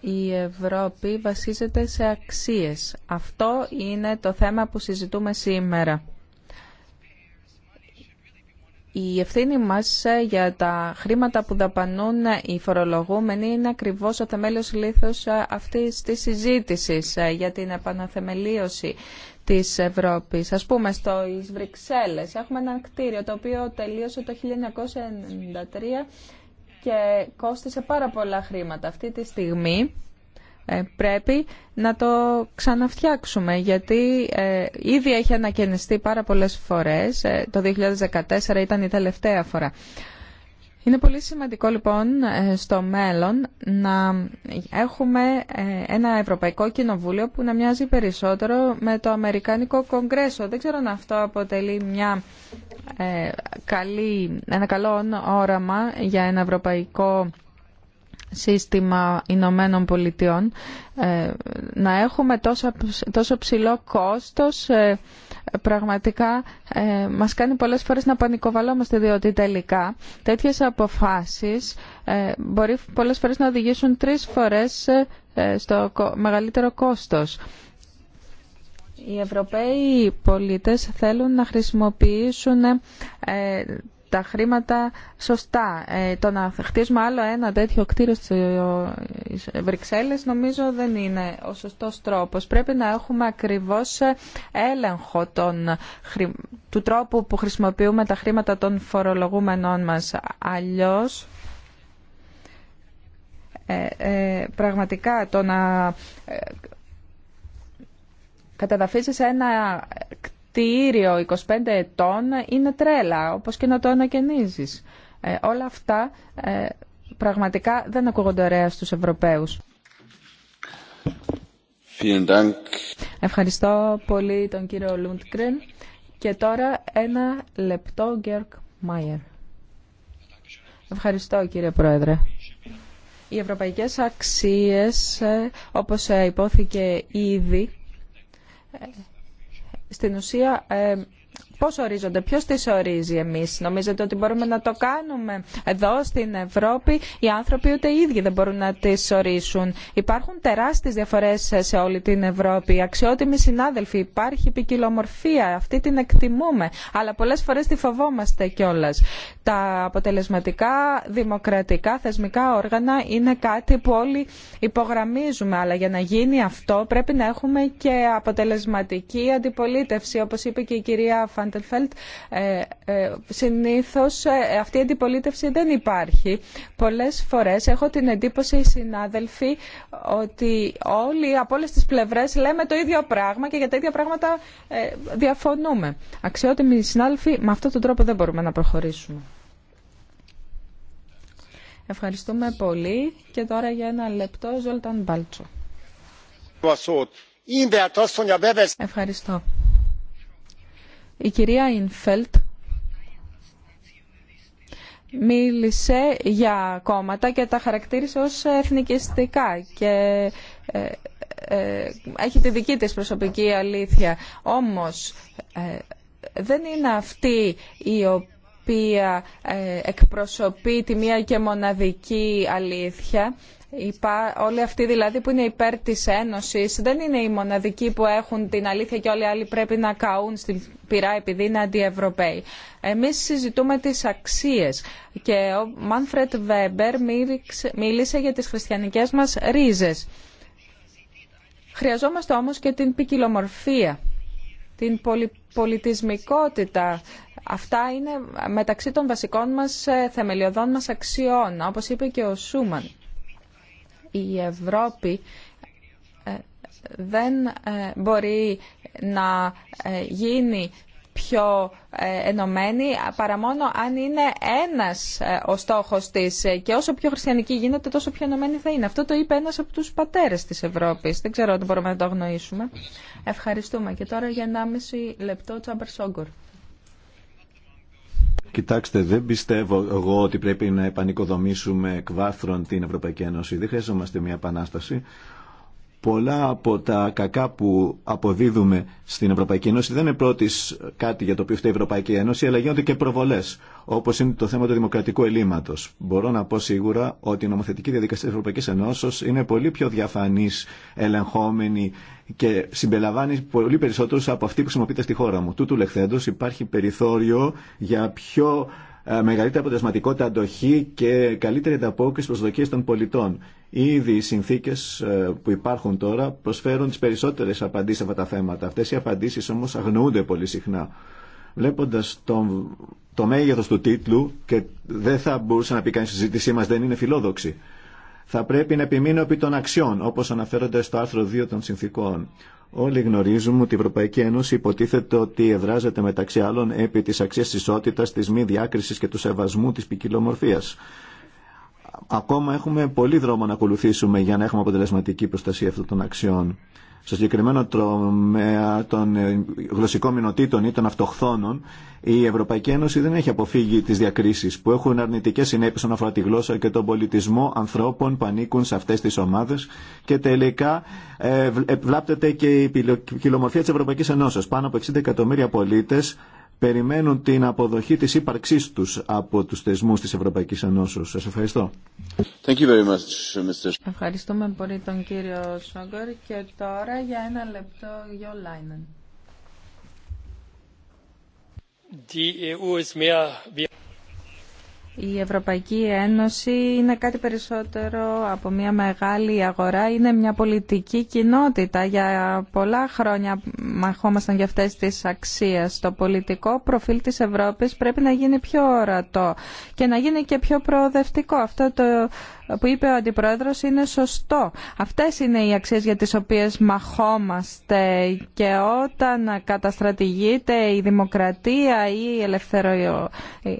Η Ευρώπη βασίζεται σε αξίες. Αυτό είναι το θέμα που συζητούμε σήμερα η ευθύνη μας ε, για τα χρήματα που δαπανούν ε, οι φορολογούμενοι είναι ακριβώς ο θεμέλιος λήθος ε, αυτής της συζήτησης για την επαναθεμελίωση της Ευρώπης. Ας πούμε, στο Βρυξέλλες έχουμε ένα κτίριο το οποίο τελείωσε το 1993 και κόστισε πάρα πολλά χρήματα. Αυτή τη στιγμή ε, πρέπει να το ξαναφτιάξουμε γιατί ε, ήδη έχει ανακαινιστεί πάρα πολλές φορές. Ε, το 2014 ήταν η τελευταία φορά. Είναι πολύ σημαντικό λοιπόν στο μέλλον να έχουμε ένα Ευρωπαϊκό Κοινοβούλιο που να μοιάζει περισσότερο με το Αμερικάνικο Κογκρέσο. Δεν ξέρω αν αυτό αποτελεί μια, καλή, ένα καλό όραμα για ένα Ευρωπαϊκό σύστημα Ηνωμένων Πολιτειών ε, να έχουμε τόσο, τόσο ψηλό κόστος ε, πραγματικά ε, μας κάνει πολλές φορές να πανικοβαλόμαστε διότι τελικά τέτοιες αποφάσεις μπορεί πολλές φορές να οδηγήσουν τρεις φορές στο μεγαλύτερο κόστος. Οι Ευρωπαίοι πολίτες θέλουν να χρησιμοποιήσουν τα χρήματα σωστά. Ε, το να χτίσουμε άλλο ένα τέτοιο κτίριο στι Βρυξέλλες νομίζω δεν είναι ο σωστό τρόπος. Πρέπει να έχουμε ακριβώ έλεγχο των, του τρόπου που χρησιμοποιούμε τα χρήματα των φορολογούμενών μας. Αλλιώς ε, ε, πραγματικά το να καταδαφίσει ένα ήριο 25 ετών είναι τρέλα, όπως και να το ανακαινίζεις. Ε, όλα αυτά ε, πραγματικά δεν ακούγονται ωραία στους Ευρωπαίους. Ευχαριστώ πολύ τον κύριο Λούντκριν. Και τώρα ένα λεπτό Γκέρκ Μάιερ. Ευχαριστώ κύριε Πρόεδρε. Οι ευρωπαϊκές αξίες, ε, όπως υπόθηκε ήδη, στην ουσία ε, πώς ορίζονται, ποιος τις ορίζει εμείς. Νομίζετε ότι μπορούμε να το κάνουμε εδώ στην Ευρώπη. Οι άνθρωποι ούτε οι ίδιοι δεν μπορούν να τις ορίσουν. Υπάρχουν τεράστιες διαφορές σε όλη την Ευρώπη. Αξιότιμοι συνάδελφοι, υπάρχει ποικιλομορφία. Αυτή την εκτιμούμε. Αλλά πολλές φορές τη φοβόμαστε κιόλα. Τα αποτελεσματικά δημοκρατικά θεσμικά όργανα είναι κάτι που όλοι υπογραμμίζουμε. Αλλά για να γίνει αυτό πρέπει να έχουμε και αποτελεσματική αντιπολίτευση, όπως είπε και η κυρία Φαντ Συνήθω ε, ε, συνήθως ε, αυτή η αντιπολίτευση δεν υπάρχει. Πολλές φορές έχω την εντύπωση οι συνάδελφοι ότι όλοι από όλες τις πλευρές λέμε το ίδιο πράγμα και για τα ίδια πράγματα διαφωνούμε. Αξιότιμοι συνάδελφοι, με αυτόν τον τρόπο δεν μπορούμε να προχωρήσουμε. Ευχαριστούμε πολύ και τώρα για ένα λεπτό Ζολταν Μπάλτσο. Ευχαριστώ. Η κυρία Ινφελτ μίλησε για κόμματα και τα χαρακτήρισε ως εθνικιστικά και ε, ε, έχει τη δική της προσωπική αλήθεια. Όμως ε, δεν είναι αυτή η οποία οποία ε, εκπροσωπεί τη μία και μοναδική αλήθεια. Όλοι αυτοί δηλαδή που είναι υπέρ της Ένωσης δεν είναι οι μοναδικοί που έχουν την αλήθεια και όλοι οι άλλοι πρέπει να καούν στην πυρά επειδή είναι αντιευρωπαίοι. Εμείς συζητούμε τις αξίες και ο Μάνφρετ Βέμπερ μίλησε για τις χριστιανικές μας ρίζες. Χρειαζόμαστε όμως και την ποικιλομορφία, την πολυπολιτισμικότητα Αυτά είναι μεταξύ των βασικών μας ε, θεμελιωδών μας αξιών, όπως είπε και ο Σούμαν. Η Ευρώπη ε, δεν ε, μπορεί να γίνει πιο ενωμένη παρά μόνο αν είναι ένας ο στόχος της και όσο πιο χριστιανική γίνεται τόσο πιο ενωμένη θα είναι. Αυτό το είπε ένας από τους πατέρες της Ευρώπης. Δεν ξέρω αν μπορούμε να το αγνοήσουμε. Ευχαριστούμε. Και τώρα για 1,5 λεπτό Τσάμπερ Σόγκορ. Κοιτάξτε, δεν πιστεύω εγώ ότι πρέπει να επανοικοδομήσουμε βάθρων την Ευρωπαϊκή Ένωση. Δεν χρειαζόμαστε μια επανάσταση πολλά από τα κακά που αποδίδουμε στην Ευρωπαϊκή Ένωση δεν είναι πρώτη κάτι για το οποίο φταίει η Ευρωπαϊκή Ένωση, αλλά γίνονται και προβολέ. Όπω είναι το θέμα του δημοκρατικού ελλείμματο. Μπορώ να πω σίγουρα ότι η νομοθετική διαδικασία τη Ευρωπαϊκή Ενώσεω είναι πολύ πιο διαφανή, ελεγχόμενη και συμπεριλαμβάνει πολύ περισσότερου από αυτή που χρησιμοποιείται στη χώρα μου. Τούτου λεχθέντο υπάρχει περιθώριο για πιο ε, μεγαλύτερη αποτελεσματικότητα, αντοχή και καλύτερη ανταπόκριση προσδοκίες των πολιτών. Ήδη οι συνθήκε ε, που υπάρχουν τώρα προσφέρουν τι περισσότερε απαντήσει σε αυτά τα θέματα. Αυτέ οι απαντήσει όμω αγνοούνται πολύ συχνά. Βλέποντα το, το μέγεθο του τίτλου, και δεν θα μπορούσε να πει κανεί η συζήτησή μα δεν είναι φιλόδοξη θα πρέπει να επιμείνω επί των αξιών, όπως αναφέρονται στο άρθρο 2 των συνθήκων. Όλοι γνωρίζουμε ότι η Ευρωπαϊκή Ένωση υποτίθεται ότι εδράζεται μεταξύ άλλων επί της αξίας της ισότητας, της μη διάκρισης και του σεβασμού της ποικιλομορφίας. Ακόμα έχουμε πολύ δρόμο να ακολουθήσουμε για να έχουμε αποτελεσματική προστασία αυτών των αξιών στο συγκεκριμένο τρομέα των ε, γλωσσικών μηνοτήτων ή των αυτοχθόνων, η Ευρωπαϊκή Ένωση δεν έχει αποφύγει τις διακρίσεις που έχουν αρνητικές συνέπειες όσον αφορά τη γλώσσα και τον πολιτισμό ανθρώπων που ανήκουν σε αυτές τις ομάδες και τελικά ε, ε, βλάπτεται και η κυλομορφία της Ευρωπαϊκής Ενώσεω. Πάνω από 60 εκατομμύρια πολίτε περιμένουν την αποδοχή της ύπαρξής τους από τους θεσμούς της Ευρωπαϊκής Ενώσεως. Σας ευχαριστώ. Thank you very much, Mr. Ευχαριστούμε πολύ τον κύριο Σόγκορ και τώρα για ένα λεπτό Γιώ Λάινεν. E η Ευρωπαϊκή Ένωση είναι κάτι περισσότερο από μια μεγάλη αγορά. Είναι μια πολιτική κοινότητα. Για πολλά χρόνια μαχόμασταν για αυτές τις αξίες. Το πολιτικό προφίλ της Ευρώπης πρέπει να γίνει πιο ορατό και να γίνει και πιο προοδευτικό. Αυτό το που είπε ο Αντιπρόεδρος είναι σωστό. Αυτές είναι οι αξίες για τις οποίες μαχόμαστε και όταν καταστρατηγείται η δημοκρατία ή η,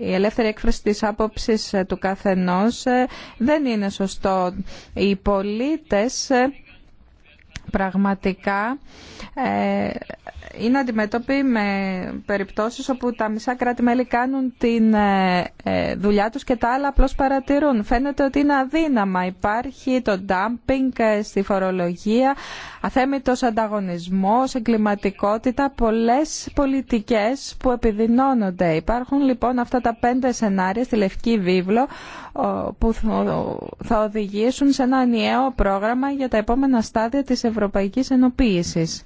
η ελεύθερη έκφραση της άποψης του καθενός ε, δεν είναι σωστό. Οι πολίτες ε, πραγματικά ε, είναι αντιμέτωποι με περιπτώσεις όπου τα μισά κράτη-μέλη κάνουν τη ε, ε, δουλειά τους και τα άλλα απλώς παρατηρούν. Φαίνεται ότι είναι αδύναμα. Υπάρχει το dumping ε, στη φορολογία, αθέμητος ανταγωνισμός, εγκληματικότητα, πολλές πολιτικές που επιδεινώνονται. Υπάρχουν λοιπόν αυτά τα πέντε σενάρια στη Λευκή Βίβλο που θα οδηγήσουν σε ένα ενιαίο πρόγραμμα για τα επόμενα στάδια της Ευρωπαϊκής Ενοποίησης.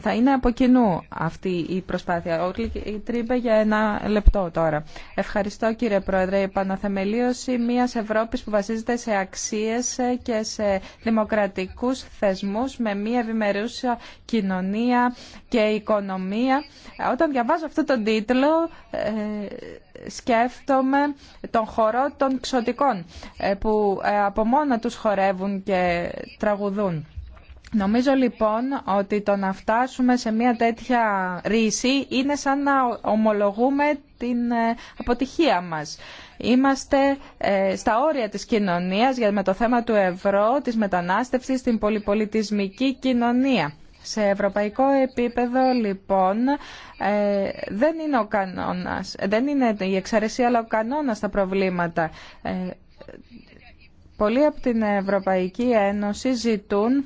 Θα είναι από κοινού αυτή η προσπάθεια. η τρύπα για ένα λεπτό τώρα. Ευχαριστώ κύριε Πρόεδρε. Η επαναθεμελίωση μιας Ευρώπης που βασίζεται σε αξίες και σε δημοκρατικούς θεσμούς με μια ευημερούσα κοινωνία και οικονομία. Όταν διαβάζω αυτό τον τίτλο ε, σκέφτομαι τον χορό των ξωτικών ε, που ε, από μόνο τους χορεύουν και τραγουδούν. Νομίζω λοιπόν ότι το να φτάσουμε σε μια τέτοια ρίση είναι σαν να ομολογούμε την ε, αποτυχία μας. Είμαστε ε, στα όρια της κοινωνίας για με το θέμα του ευρώ, της μετανάστευσης, την πολυπολιτισμική κοινωνία. Σε ευρωπαϊκό επίπεδο, λοιπόν, ε, δεν είναι ο κανόνας, δεν είναι η εξαρεσία, αλλά ο κανόνας τα προβλήματα. Πολλοί από την Ευρωπαϊκή Ένωση ζητούν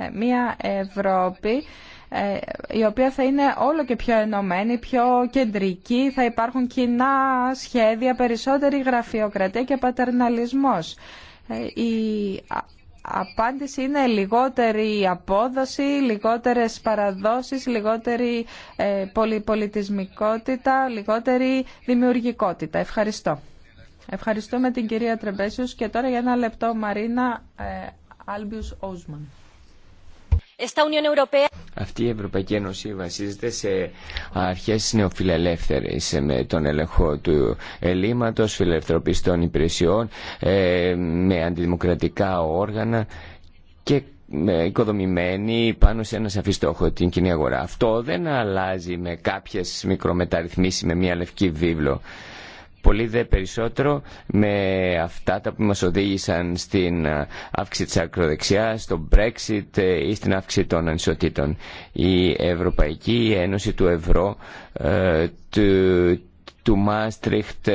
ε, μια Ευρώπη ε, η οποία θα είναι όλο και πιο ενωμένη, πιο κεντρική, θα υπάρχουν κοινά σχέδια, περισσότερη γραφειοκρατία και πατερναλισμός. Ε, η απάντηση είναι λιγότερη απόδοση, λιγότερες παραδόσεις, λιγότερη πολυπολιτισμικότητα, λιγότερη δημιουργικότητα. Ευχαριστώ. Ευχαριστούμε την κυρία Τρεμπέσιους και τώρα για ένα λεπτό Μαρίνα Άλμπιους Άλμπιους-Ούσμαν. Αυτή η Ευρωπαϊκή Ένωση βασίζεται σε αρχέ νεοφιλελεύθερης με τον έλεγχο του ελλείμματος, φιλελευθερωπιστών υπηρεσιών, ε, με αντιδημοκρατικά όργανα και ε, οικοδομημένη πάνω σε ένα σαφή στόχο, την κοινή αγορά. Αυτό δεν αλλάζει με κάποιε μικρομεταρρυθμίσεις, με μια λευκή βίβλο πολύ δε περισσότερο με αυτά τα που μας οδήγησαν στην ε, αύξηση της ακροδεξιάς, στο Brexit ε, ή στην αύξηση των ανισοτήτων. Η Ευρωπαϊκή Ένωση του Ευρώ, ε, του, του Μάστριχτ,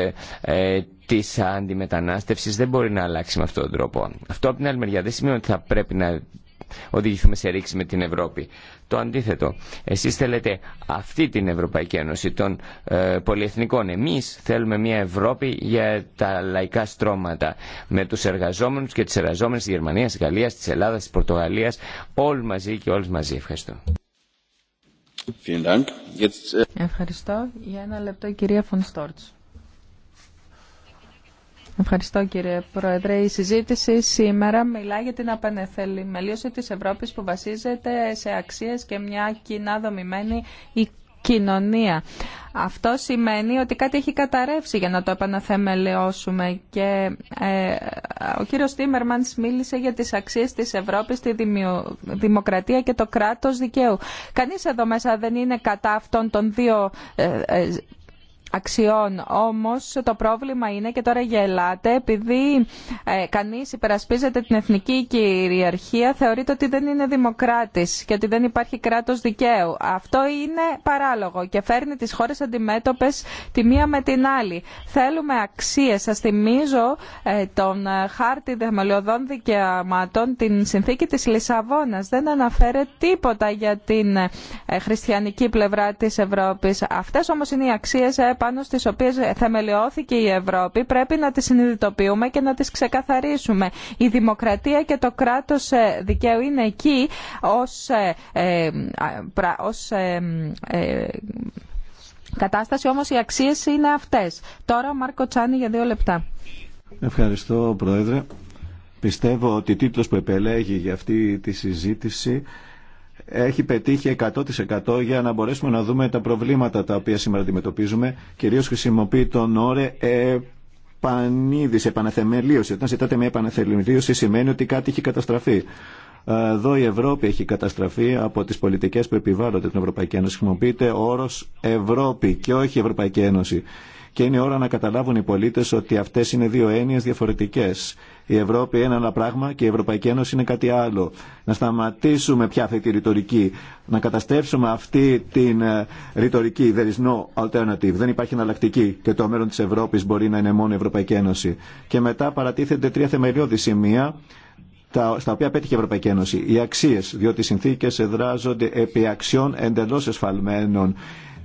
της αντιμετανάστευσης δεν μπορεί να αλλάξει με αυτόν τον τρόπο. Αυτό από την άλλη μεριά δεν σημαίνει ότι θα πρέπει να οδηγηθούμε σε ρήξη με την Ευρώπη. Το αντίθετο. Εσείς θέλετε αυτή την Ευρωπαϊκή Ένωση των ε, πολυεθνικών. Εμείς θέλουμε μια Ευρώπη για τα λαϊκά στρώματα. Με τους εργαζόμενους και τις εργαζόμενες της Γερμανίας, της Γαλλίας, της Ελλάδας, της Πορτογαλίας. Όλοι μαζί και όλες μαζί. Ευχαριστώ. Ε, Ευχαριστώ. Για ένα λεπτό η κυρία Φων Στόρτς. Ευχαριστώ κύριε Πρόεδρε. Η συζήτηση σήμερα μιλά για την απενεθελημελίωση της Ευρώπης που βασίζεται σε αξίες και μια κοινά δομημένη κοινωνία. Αυτό σημαίνει ότι κάτι έχει καταρρεύσει για να το επαναθεμελιώσουμε και ε, ο κύριος Τίμερμανς μίλησε για τις αξίες της Ευρώπης, τη δημοκρατία και το κράτος δικαίου. Κανείς εδώ μέσα δεν είναι κατά αυτών των δύο ε, ε, αξιών. Όμως το πρόβλημα είναι και τώρα γελάτε επειδή ε, κανείς υπερασπίζεται την εθνική κυριαρχία θεωρείται ότι δεν είναι δημοκράτης και ότι δεν υπάρχει κράτος δικαίου. Αυτό είναι παράλογο και φέρνει τις χώρες αντιμέτωπες τη μία με την άλλη. Θέλουμε αξίες. Σας θυμίζω ε, τον ε, χάρτη δεμελιωδών δικαιωμάτων, την συνθήκη της Λισαβόνας. Δεν αναφέρεται τίποτα για την ε, χριστιανική πλευρά της Ευρώπης. Αυτές όμως είναι οι αξίες πάνω στις οποίες θεμελιώθηκε η Ευρώπη πρέπει να τις συνειδητοποιούμε και να τις ξεκαθαρίσουμε. Η δημοκρατία και το κράτος ε, δικαίου είναι εκεί ως, ε, ε, κατάσταση, όμως οι αξίες είναι αυτές. Τώρα ο Μάρκο Τσάνι για δύο λεπτά. Ευχαριστώ Πρόεδρε. Πιστεύω ότι ο τίτλος που επελέγει για αυτή τη συζήτηση έχει πετύχει 100% για να μπορέσουμε να δούμε τα προβλήματα τα οποία σήμερα αντιμετωπίζουμε. Κυρίως χρησιμοποιεί τον όρε επανείδηση, επαναθεμελίωση. Όταν ζητάτε μια επαναθεμελίωση σημαίνει ότι κάτι έχει καταστραφεί. Εδώ η Ευρώπη έχει καταστραφεί από τις πολιτικές που επιβάλλονται την Ευρωπαϊκή Ένωση. Χρησιμοποιείται όρο όρος Ευρώπη και όχι Ευρωπαϊκή Ένωση και είναι ώρα να καταλάβουν οι πολίτε ότι αυτέ είναι δύο έννοιε διαφορετικέ. Η Ευρώπη είναι ένα πράγμα και η Ευρωπαϊκή Ένωση είναι κάτι άλλο. Να σταματήσουμε πια αυτή τη ρητορική, να καταστρέψουμε αυτή τη ε, ρητορική. There is no alternative. Δεν υπάρχει εναλλακτική και το μέλλον τη Ευρώπη μπορεί να είναι μόνο η Ευρωπαϊκή Ένωση. Και μετά παρατίθενται τρία θεμελιώδη σημεία στα οποία πέτυχε η Ευρωπαϊκή Ένωση. Οι αξίε, διότι οι συνθήκε εδράζονται επί αξιών εντελώ εσφαλμένων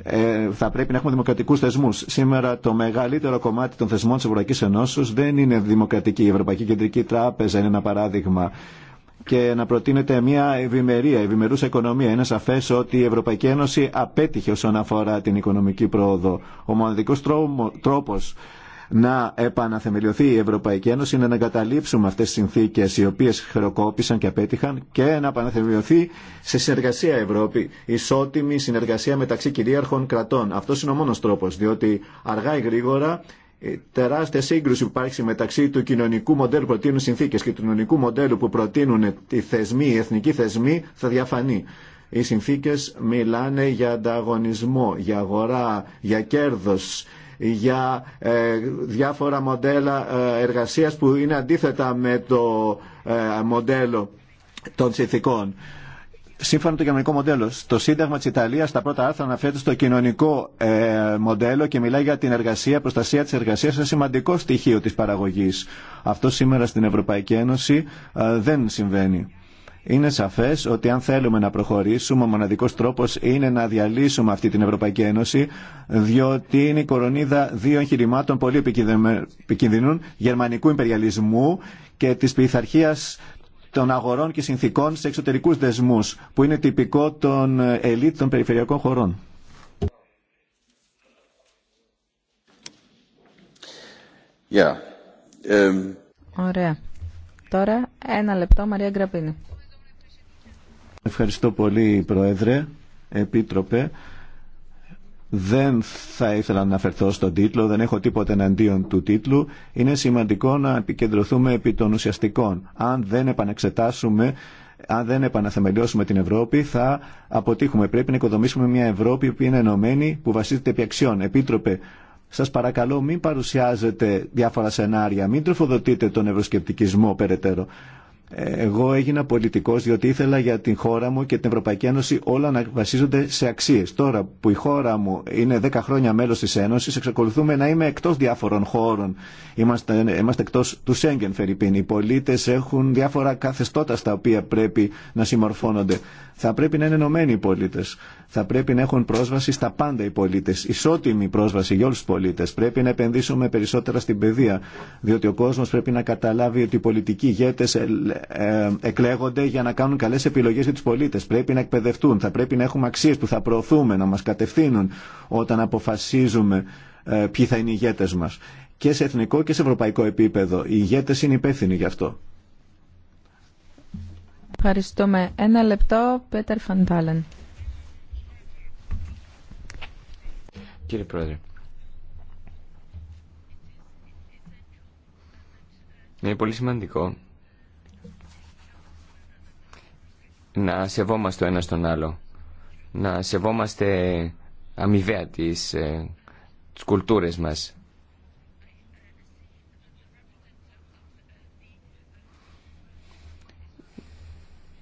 ε, θα πρέπει να έχουμε δημοκρατικού θεσμού. Σήμερα το μεγαλύτερο κομμάτι των θεσμών τη Ευρωπαϊκή Ενώσεω δεν είναι δημοκρατική. Η Ευρωπαϊκή Κεντρική Τράπεζα είναι ένα παράδειγμα. Και να προτείνεται μια ευημερία, ευημερούσα οικονομία. Είναι σαφέ ότι η Ευρωπαϊκή Ένωση απέτυχε όσον αφορά την οικονομική πρόοδο. Ο μοναδικό τρόπο να επαναθεμελιωθεί η Ευρωπαϊκή Ένωση, να εγκαταλείψουμε αυτές τις συνθήκες οι οποίες χρεοκόπησαν και απέτυχαν και να επαναθεμελιωθεί σε συνεργασία Ευρώπη, ισότιμη συνεργασία μεταξύ κυρίαρχων κρατών. Αυτό είναι ο μόνος τρόπος, διότι αργά ή γρήγορα η τεράστια σύγκρουση που υπάρχει μεταξύ του κοινωνικού μοντέλου που προτείνουν συνθήκε και του κοινωνικού μοντέλου που προτείνουν οι θεσμοί, οι εθνικοί θεσμοί, θα διαφανεί. Οι συνθήκε μιλάνε για ανταγωνισμό, για αγορά, για κέρδο, για ε, διάφορα μοντέλα ε, εργασίας που είναι αντίθετα με το ε, μοντέλο των συνθηκών. Σύμφωνα με το γερμανικό μοντέλο, το Σύνταγμα τη Ιταλία, στα πρώτα άρθρα αναφέρεται στο κοινωνικό μοντέλο και μιλάει για την εργασία, προστασία τη εργασία, ένα σημαντικό στοιχείο τη παραγωγή. Αυτό σήμερα στην Ευρωπαϊκή Ένωση δεν συμβαίνει. Είναι σαφέ ότι αν θέλουμε να προχωρήσουμε, ο μοναδικό τρόπο είναι να διαλύσουμε αυτή την Ευρωπαϊκή Ένωση, διότι είναι η κορονίδα δύο εγχειρημάτων πολύ επικίνδυνων γερμανικού υπεριαλισμού και τη πειθαρχία των αγορών και συνθήκων σε εξωτερικούς δεσμούς, που είναι τυπικό των ε, ελίτ των περιφερειακών χωρών. Um, Ωραία. Τώρα ένα λεπτό Μαρία Γκραπίνη. Ευχαριστώ πολύ, Πρόεδρε, Επίτροπε. Δεν θα ήθελα να αναφερθώ στον τίτλο, δεν έχω τίποτα εναντίον του τίτλου. Είναι σημαντικό να επικεντρωθούμε επί των ουσιαστικών. Αν δεν επανεξετάσουμε, αν δεν επαναθεμελιώσουμε την Ευρώπη, θα αποτύχουμε. Πρέπει να οικοδομήσουμε μια Ευρώπη που είναι ενωμένη, που βασίζεται επί αξιών. Επίτροπε, σας παρακαλώ μην παρουσιάζετε διάφορα σενάρια, μην τροφοδοτείτε τον ευρωσκεπτικισμό περαιτέρω. Εγώ έγινα πολιτικός διότι ήθελα για την χώρα μου και την Ευρωπαϊκή Ένωση όλα να βασίζονται σε αξίες. Τώρα που η χώρα μου είναι 10 χρόνια μέλος της Ένωσης, εξακολουθούμε να είμαι εκτός διάφορων χώρων. Είμαστε, είμαστε εκτός του Σέγγεν, Φερρυπίν. Οι πολίτες έχουν διάφορα καθεστώτα στα οποία πρέπει να συμμορφώνονται. Θα πρέπει να είναι ενωμένοι οι πολίτε. Θα πρέπει να έχουν πρόσβαση στα πάντα οι πολίτε. Ισότιμη πρόσβαση για όλου του πολίτε. Πρέπει να επενδύσουμε περισσότερα στην παιδεία. Διότι ο κόσμο πρέπει να καταλάβει ότι οι πολιτικοί ηγέτε ε, εκλέγονται για να κάνουν καλέ επιλογέ για του πολίτε. Πρέπει να εκπαιδευτούν. Θα πρέπει να έχουμε αξίε που θα προωθούμε, να μα κατευθύνουν όταν αποφασίζουμε ε, ποιοι θα είναι οι ηγέτε μα. Και σε εθνικό και σε ευρωπαϊκό επίπεδο. Οι ηγέτε είναι υπεύθυνοι γι' αυτό. Ευχαριστούμε. Ένα λεπτό, Πέτερ Φαντάλεν. Κύριε Πρόεδρε. Είναι πολύ σημαντικό να σεβόμαστε ο ένας τον άλλο. Να σεβόμαστε αμοιβαία τις, ε, τις κουλτούρες μας.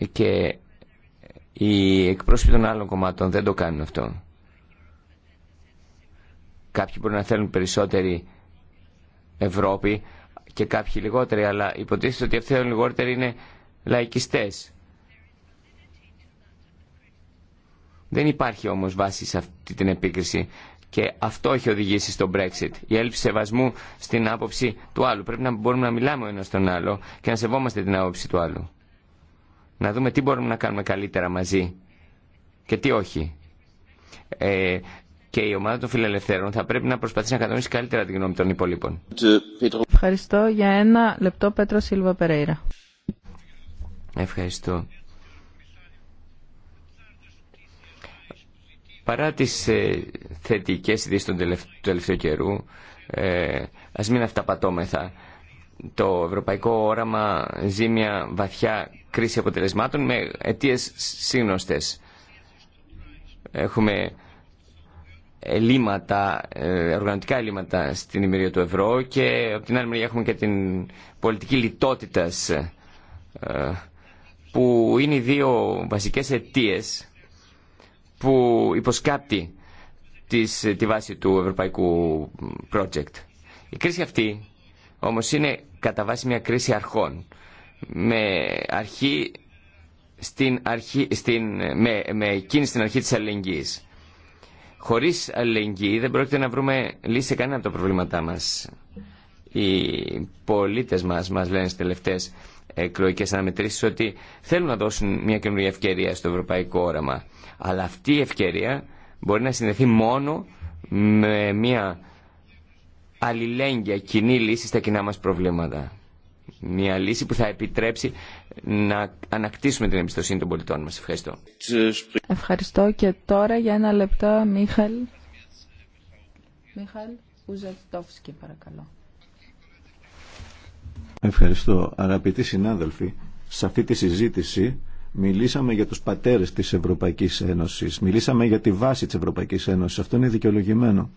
και οι εκπρόσωποι των άλλων κομμάτων δεν το κάνουν αυτό. Κάποιοι μπορεί να θέλουν περισσότερη Ευρώπη και κάποιοι λιγότεροι, αλλά υποτίθεται ότι αυτοί οι λιγότεροι είναι λαϊκιστές. Δεν υπάρχει όμως βάση σε αυτή την επίκριση και αυτό έχει οδηγήσει στο Brexit. Η έλλειψη σεβασμού στην άποψη του άλλου. Πρέπει να μπορούμε να μιλάμε ο ένας τον άλλο και να σεβόμαστε την άποψη του άλλου να δούμε τι μπορούμε να κάνουμε καλύτερα μαζί και τι όχι. Ε, και η ομάδα των φιλελευθέρων θα πρέπει να προσπαθήσει να κατανοήσει καλύτερα την γνώμη των υπολείπων. Ευχαριστώ για ένα λεπτό Πέτρο Σίλβα Περέιρα. Ευχαριστώ. Παρά τις ε, θετικές ειδήσεις του τελευταίου καιρού, ε, ας μην αυταπατώμεθα το ευρωπαϊκό όραμα ζει μια βαθιά κρίση αποτελεσμάτων με αιτίες σύγνωστες. Έχουμε ελλείμματα, ε, οργανωτικά ελλείμματα στην ημερία του ευρώ και από την άλλη μεριά έχουμε και την πολιτική λιτότητας ε, που είναι οι δύο βασικές αιτίες που υποσκάπτει τη βάση του ευρωπαϊκού project. Η κρίση αυτή όμως είναι κατά βάση μια κρίση αρχών. Με αρχή στην αρχή, στην, με, με εκείνη στην αρχή της αλληλεγγύης. Χωρίς αλληλεγγύη δεν πρόκειται να βρούμε λύση σε κανένα από τα προβλήματά μας. Οι πολίτες μας μας λένε στις τελευταίες εκλογικές αναμετρήσεις ότι θέλουν να δώσουν μια καινούργια ευκαιρία στο ευρωπαϊκό όραμα. Αλλά αυτή η ευκαιρία μπορεί να συνδεθεί μόνο με μια αλληλέγγυα κοινή λύση στα κοινά μας προβλήματα. Μια λύση που θα επιτρέψει να ανακτήσουμε την εμπιστοσύνη των πολιτών μας. Ευχαριστώ. Ευχαριστώ και τώρα για ένα λεπτό Μίχαλ. Μίχαλ παρακαλώ. Ευχαριστώ. Αγαπητοί συνάδελφοι, σε αυτή τη συζήτηση μιλήσαμε για τους πατέρες της Ευρωπαϊκής Ένωσης, μιλήσαμε για τη βάση της Ευρωπαϊκής Ένωσης. Αυτό είναι δικαιολογημένο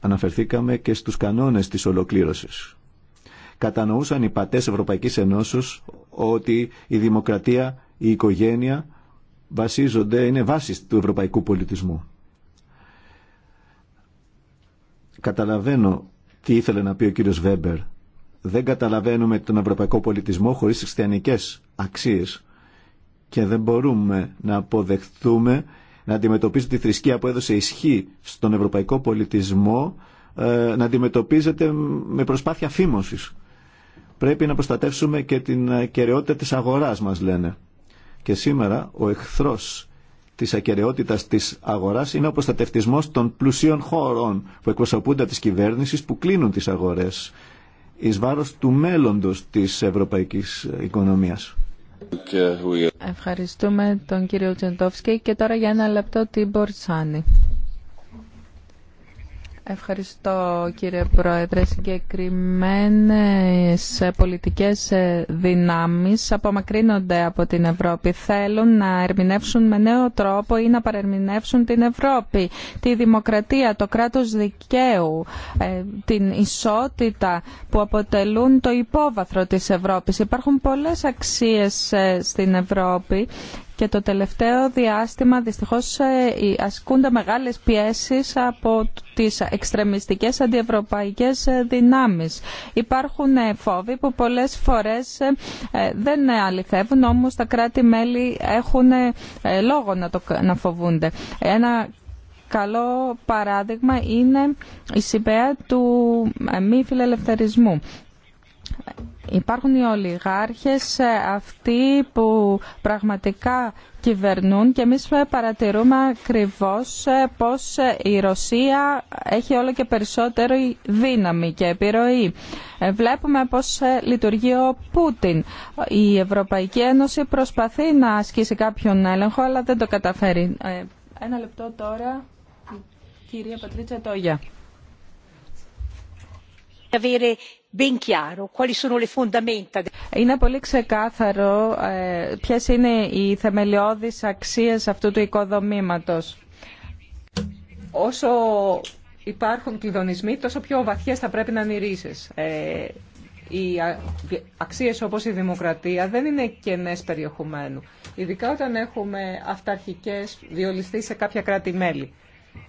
αναφερθήκαμε και στους κανόνες της ολοκλήρωσης. Κατανοούσαν οι πατές Ευρωπαϊκής Ενώσεως ότι η δημοκρατία, η οικογένεια βασίζονται, είναι βάση του ευρωπαϊκού πολιτισμού. Καταλαβαίνω τι ήθελε να πει ο κύριος Βέμπερ. Δεν καταλαβαίνουμε τον ευρωπαϊκό πολιτισμό χωρίς χριστιανικές αξίες και δεν μπορούμε να αποδεχθούμε να αντιμετωπίζει τη θρησκεία που έδωσε ισχύ στον ευρωπαϊκό πολιτισμό ε, να αντιμετωπίζεται με προσπάθεια φήμωσης. Πρέπει να προστατεύσουμε και την ακαιρεότητα ε, της αγοράς μας λένε. Και σήμερα ο εχθρός της ακαιρεότητας της αγοράς είναι ο προστατευτισμός των πλουσίων χωρών που εκπροσωπούνται της κυβέρνησης που κλείνουν τις αγορές εις βάρος του μέλλοντος της ευρωπαϊκής οικονομίας. Ευχαριστούμε τον κύριο Τζεντόφσκι και τώρα για ένα λεπτό την Μπορτσάνη. Ευχαριστώ κύριε Πρόεδρε. Συγκεκριμένε πολιτικές δυνάμεις απομακρύνονται από την Ευρώπη. Θέλουν να ερμηνεύσουν με νέο τρόπο ή να παρερμηνεύσουν την Ευρώπη, τη δημοκρατία, το κράτος δικαίου, ε, την ισότητα που αποτελούν το υπόβαθρο της Ευρώπης. Υπάρχουν πολλές αξίες ε, στην Ευρώπη και το τελευταίο διάστημα δυστυχώς ε, ασκούνται μεγάλες πιέσεις από τις εξτρεμιστικές αντιευρωπαϊκές ε, δυνάμεις. Υπάρχουν ε, φόβοι που πολλές φορές δεν αληθεύουν, όμως τα κράτη-μέλη έχουν λόγο να, το, να φοβούνται. Ένα καλό παράδειγμα είναι η σημαία του μη φιλελευθερισμού. Υπάρχουν οι ολιγάρχες ε, αυτοί που πραγματικά κυβερνούν και εμείς ε, παρατηρούμε ακριβώς ε, πως η Ρωσία έχει όλο και περισσότερο δύναμη και επιρροή. Βλέπουμε πως λειτουργεί ο Πούτιν. Η Ευρωπαϊκή Ένωση προσπαθεί να ασκήσει κάποιον έλεγχο αλλά δεν το καταφέρει. Ένα λεπτό τώρα, κυρία Πατρίτσα Τόγια. Είναι πολύ ξεκάθαρο ε, Ποιε είναι οι θεμελιώδεις αξίες αυτού του οικοδομήματος. Όσο υπάρχουν κλειδονισμοί, τόσο πιο βαθιές θα πρέπει να είναι οι ρίζες. Ε, οι αξίες όπως η δημοκρατία δεν είναι κενέ περιεχομένου, ειδικά όταν έχουμε αυταρχικές διολυστεί σε κάποια κράτη-μέλη.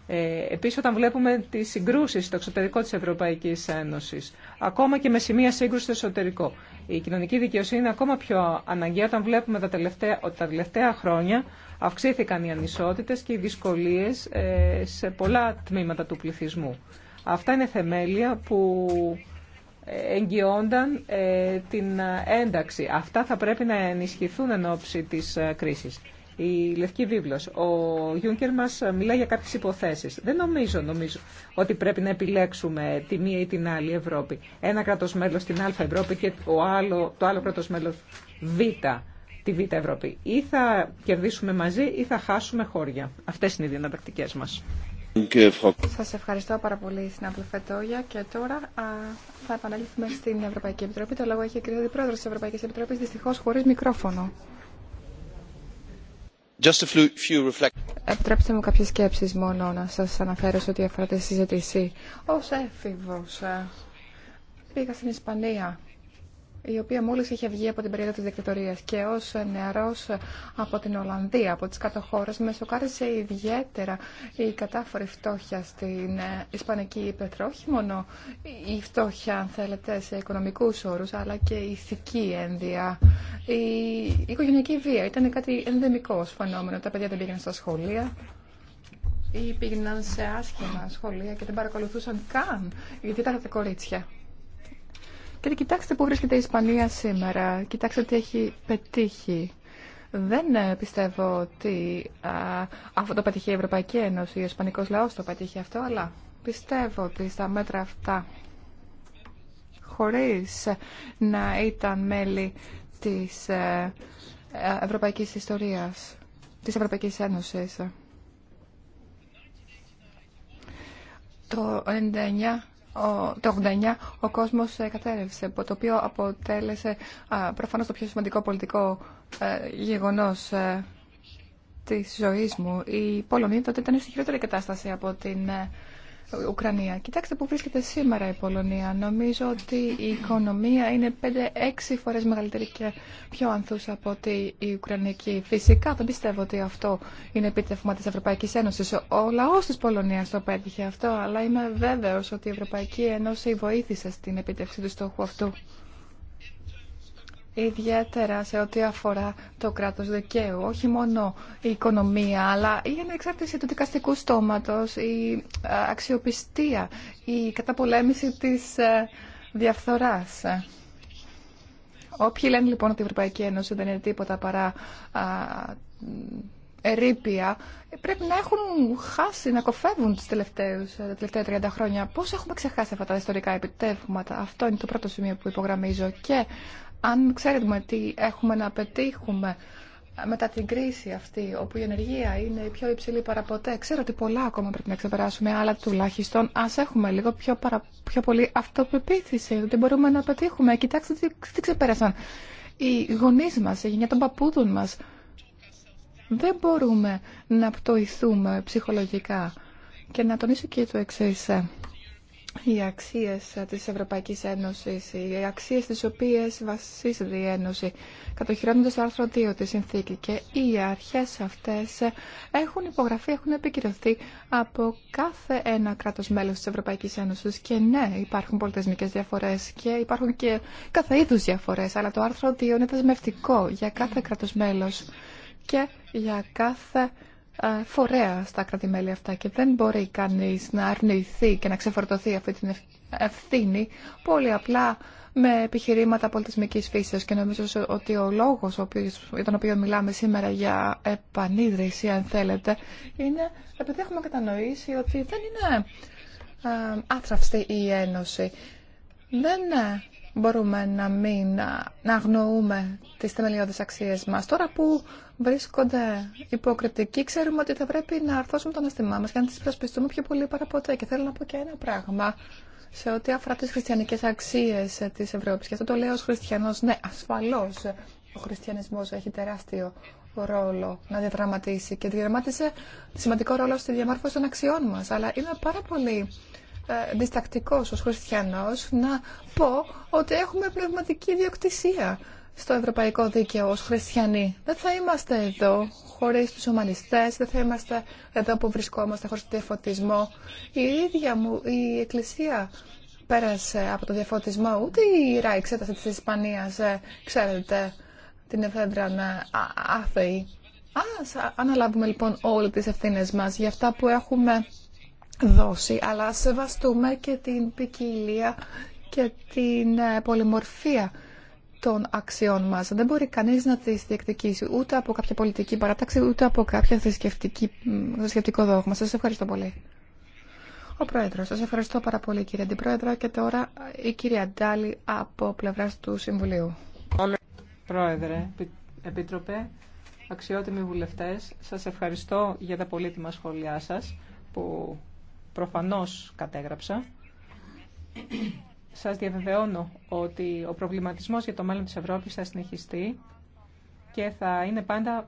Ε, επίσης, όταν βλέπουμε τις συγκρούσεις στο εξωτερικό της Ευρωπαϊκής Ένωσης, ακόμα και με σημεία σύγκρουση στο εσωτερικό, η κοινωνική δικαιοσύνη είναι ακόμα πιο αναγκαία όταν βλέπουμε τα τελευταία, ότι τα τελευταία χρόνια αυξήθηκαν οι ανισότητες και οι δυσκολίες ε, σε πολλά τμήματα του πληθυσμού. Αυτά είναι θεμέλια που εγγυώνταν ε, την ένταξη. Αυτά θα πρέπει να ενισχυθούν εν ώψη της κρίσης η Λευκή Βίβλος. Ο Γιούνκερ μας μιλάει για κάποιε υποθέσεις. Δεν νομίζω, νομίζω ότι πρέπει να επιλέξουμε τη μία ή την άλλη Ευρώπη. Ένα κράτος μέλος στην Α Ευρώπη και το άλλο, το άλλο κράτος μέλος Β, τη Β Ευρώπη. Ή θα κερδίσουμε μαζί ή θα χάσουμε χώρια. Αυτές είναι οι διανατακτικές μας. Σα ευχαριστώ πάρα πολύ, συνάδελφε Τόγια. Και τώρα α, θα επανέλθουμε στην Ευρωπαϊκή Επιτροπή. Το λόγο έχει η κ. τη τη Ευρωπαϊκή Επιτροπή, χωρί χωρί μικρόφωνο. Επιτρέψτε μου κάποιες σκέψεις μόνο να σας αναφέρω σε ό,τι αφορά τη συζήτηση. Ως έφηβος ε, πήγα στην Ισπανία η οποία μόλι είχε βγει από την περίοδο τη δικτατορία και ω νεαρό από την Ολλανδία, από τι κάτω χώρε, με σοκάρισε ιδιαίτερα η κατάφορη φτώχεια στην ε, Ισπανική Ήπεθρο, όχι μόνο η φτώχεια, αν θέλετε, σε οικονομικού όρου, αλλά και η ηθική ένδυα. Η οικογενειακή βία ήταν κάτι ενδεμικό ως φαινόμενο. Τα παιδιά δεν πήγαιναν στα σχολεία, ή πήγαιναν σε άσχημα σχολεία και δεν παρακολουθούσαν καν, γιατί ήταν τα κορίτσια. Γιατί κοιτάξτε που βρίσκεται η Ισπανία σήμερα. Κοιτάξτε τι έχει πετύχει. Δεν ε, πιστεύω ότι α, αυτό το πετύχει η Ευρωπαϊκή Ένωση, ο Ισπανικός λαός το πετύχει αυτό, αλλά πιστεύω ότι στα μέτρα αυτά, χωρί να ήταν μέλη της ε, ευρωπαϊκής Ιστορία, τη Ευρωπαϊκή Ένωσης, το 1999 το 89 ο κόσμος ε, κατέρευσε, το οποίο αποτέλεσε προφανώς το πιο σημαντικό πολιτικό ε, γεγονός ε, της ζωής μου. Η Πολωνία τότε ήταν στη χειρότερη κατάσταση από την Ουκρανία. Κοιτάξτε που βρίσκεται σήμερα η Πολωνία. Νομίζω ότι η οικονομία είναι 5-6 φορές μεγαλύτερη και πιο ανθούσα από ότι η Ουκρανική. Φυσικά δεν πιστεύω ότι αυτό είναι επίτευγμα της Ευρωπαϊκής Ένωσης. Ο λαός της Πολωνίας το πέτυχε αυτό, αλλά είμαι βέβαιος ότι η Ευρωπαϊκή Ένωση βοήθησε στην επίτευξη του στόχου αυτού ιδιαίτερα σε ό,τι αφορά το κράτος δικαίου, όχι μόνο η οικονομία, αλλά η ανεξάρτηση του δικαστικού στόματος, η ε, αξιοπιστία, η καταπολέμηση της ε, διαφθοράς. Όποιοι λένε λοιπόν ότι η Ευρωπαϊκή Ένωση δεν είναι τίποτα παρά ερήπια, πρέπει να έχουν χάσει, να κοφεύουν τις τελευταίες, ε, τα τελευταία 30 χρόνια. Πώς έχουμε ξεχάσει αυτά τα ιστορικά επιτεύγματα. Αυτό είναι το πρώτο σημείο που υπογραμμίζω. Και αν ξέρουμε τι έχουμε να πετύχουμε μετά την κρίση αυτή, όπου η ενεργεία είναι η πιο υψηλή παραποτέ, ξέρω ότι πολλά ακόμα πρέπει να ξεπεράσουμε, αλλά τουλάχιστον ας έχουμε λίγο πιο, παρα... πιο πολύ αυτοπεποίθηση, ότι μπορούμε να πετύχουμε. Κοιτάξτε τι, ξεπέρασαν οι γονείς μας, η γενιά των παππούδων μας. Δεν μπορούμε να πτωηθούμε ψυχολογικά. Και να τονίσω και το εξής. Ε, οι αξίες ε, της Ευρωπαϊκής Ένωσης, οι αξίες τις οποίες βασίζεται η Ένωση, κατοχυρώνοντας το άρθρο 2 της συνθήκη και οι αρχές αυτές ε, έχουν υπογραφεί, έχουν επικυρωθεί από κάθε ένα κράτος μέλος της Ευρωπαϊκής Ένωσης και ναι, υπάρχουν πολιτισμικές διαφορές και υπάρχουν και κάθε είδου διαφορές, αλλά το άρθρο 2 είναι δεσμευτικό για κάθε κράτος μέλος και για κάθε φορέα στα κρατημέλη αυτά και δεν μπορεί κανείς να αρνηθεί και να ξεφορτωθεί αυτή την ευθύνη πολύ απλά με επιχειρήματα πολιτισμική φύσης και νομίζω ότι ο λόγος για τον οποίο μιλάμε σήμερα για επανίδρυση αν θέλετε είναι επειδή έχουμε κατανοήσει ότι δεν είναι άθραυστη η Ένωση δεν ε, μπορούμε να μην να αγνοούμε τις θεμελιώδεις αξίες μας τώρα που βρίσκονται υποκριτικοί, ξέρουμε ότι θα πρέπει να αρθώσουμε το αναστημά μας και να τις προσπιστούμε πιο πολύ παραποτέ. Και θέλω να πω και ένα πράγμα σε ό,τι αφορά τις χριστιανικές αξίες της Ευρώπης. Και αυτό το λέω ως χριστιανός, ναι, ασφαλώς ο χριστιανισμός έχει τεράστιο ρόλο να διαδραματίσει και διαδραμάτισε σημαντικό ρόλο στη διαμόρφωση των αξιών μας. Αλλά είμαι πάρα πολύ ε, διστακτικός ως χριστιανός να πω ότι έχουμε πνευματική ιδιοκτησία στο ευρωπαϊκό δίκαιο ως χριστιανοί. Δεν θα είμαστε εδώ χωρίς τους ομανιστές, δεν θα είμαστε εδώ που βρισκόμαστε χωρίς το διαφωτισμό. Η ίδια μου η Εκκλησία πέρασε από το διαφωτισμό, ούτε η Ράη εξέταση της Ισπανίας, ε, ξέρετε, την εφέδρα ε, άθεη. Ας αναλάβουμε λοιπόν όλες τις ευθύνες μας για αυτά που έχουμε δώσει, αλλά σεβαστούμε και την ποικιλία και την ε, πολυμορφία των αξιών μας. Δεν μπορεί κανείς να τις διεκδικήσει ούτε από κάποια πολιτική παράταξη, ούτε από κάποιο θρησκευτικό δόγμα. Σας ευχαριστώ πολύ. Ο Πρόεδρος, σας ευχαριστώ πάρα πολύ κύριε Αντιπρόεδρο και τώρα η κυρία Ντάλη από πλευρά του Συμβουλίου. Πρόεδρε, Επίτροπε, αξιότιμοι βουλευτές, σας ευχαριστώ για τα πολύτιμα σχόλιά σας που προφανώς κατέγραψα σας διαβεβαιώνω ότι ο προβληματισμός για το μέλλον της Ευρώπης θα συνεχιστεί και θα είναι πάντα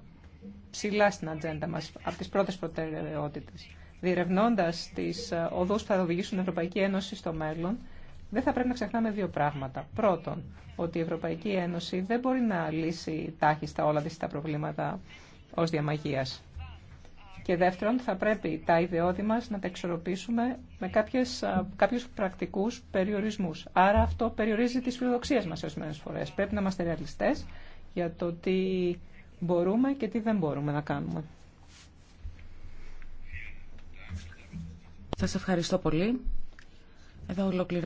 ψηλά στην ατζέντα μας, από τις πρώτες προτεραιότητες. Διερευνώντας τις ε, οδούς που θα οδηγήσουν την Ευρωπαϊκή Ένωση στο μέλλον, δεν θα πρέπει να ξεχνάμε δύο πράγματα. Πρώτον, ότι η Ευρωπαϊκή Ένωση δεν μπορεί να λύσει τάχιστα όλα τα προβλήματα ως διαμαγείας. Και δεύτερον, θα πρέπει τα ιδεώδη μας να τα εξορροπήσουμε με κάποιες, κάποιους πρακτικούς περιορισμούς. Άρα αυτό περιορίζει τις φιλοδοξίες μας ορισμένε φορές. Πρέπει να είμαστε ρεαλιστές για το τι μπορούμε και τι δεν μπορούμε να κάνουμε. Σας ευχαριστώ πολύ. Εδώ ολοκληρώ.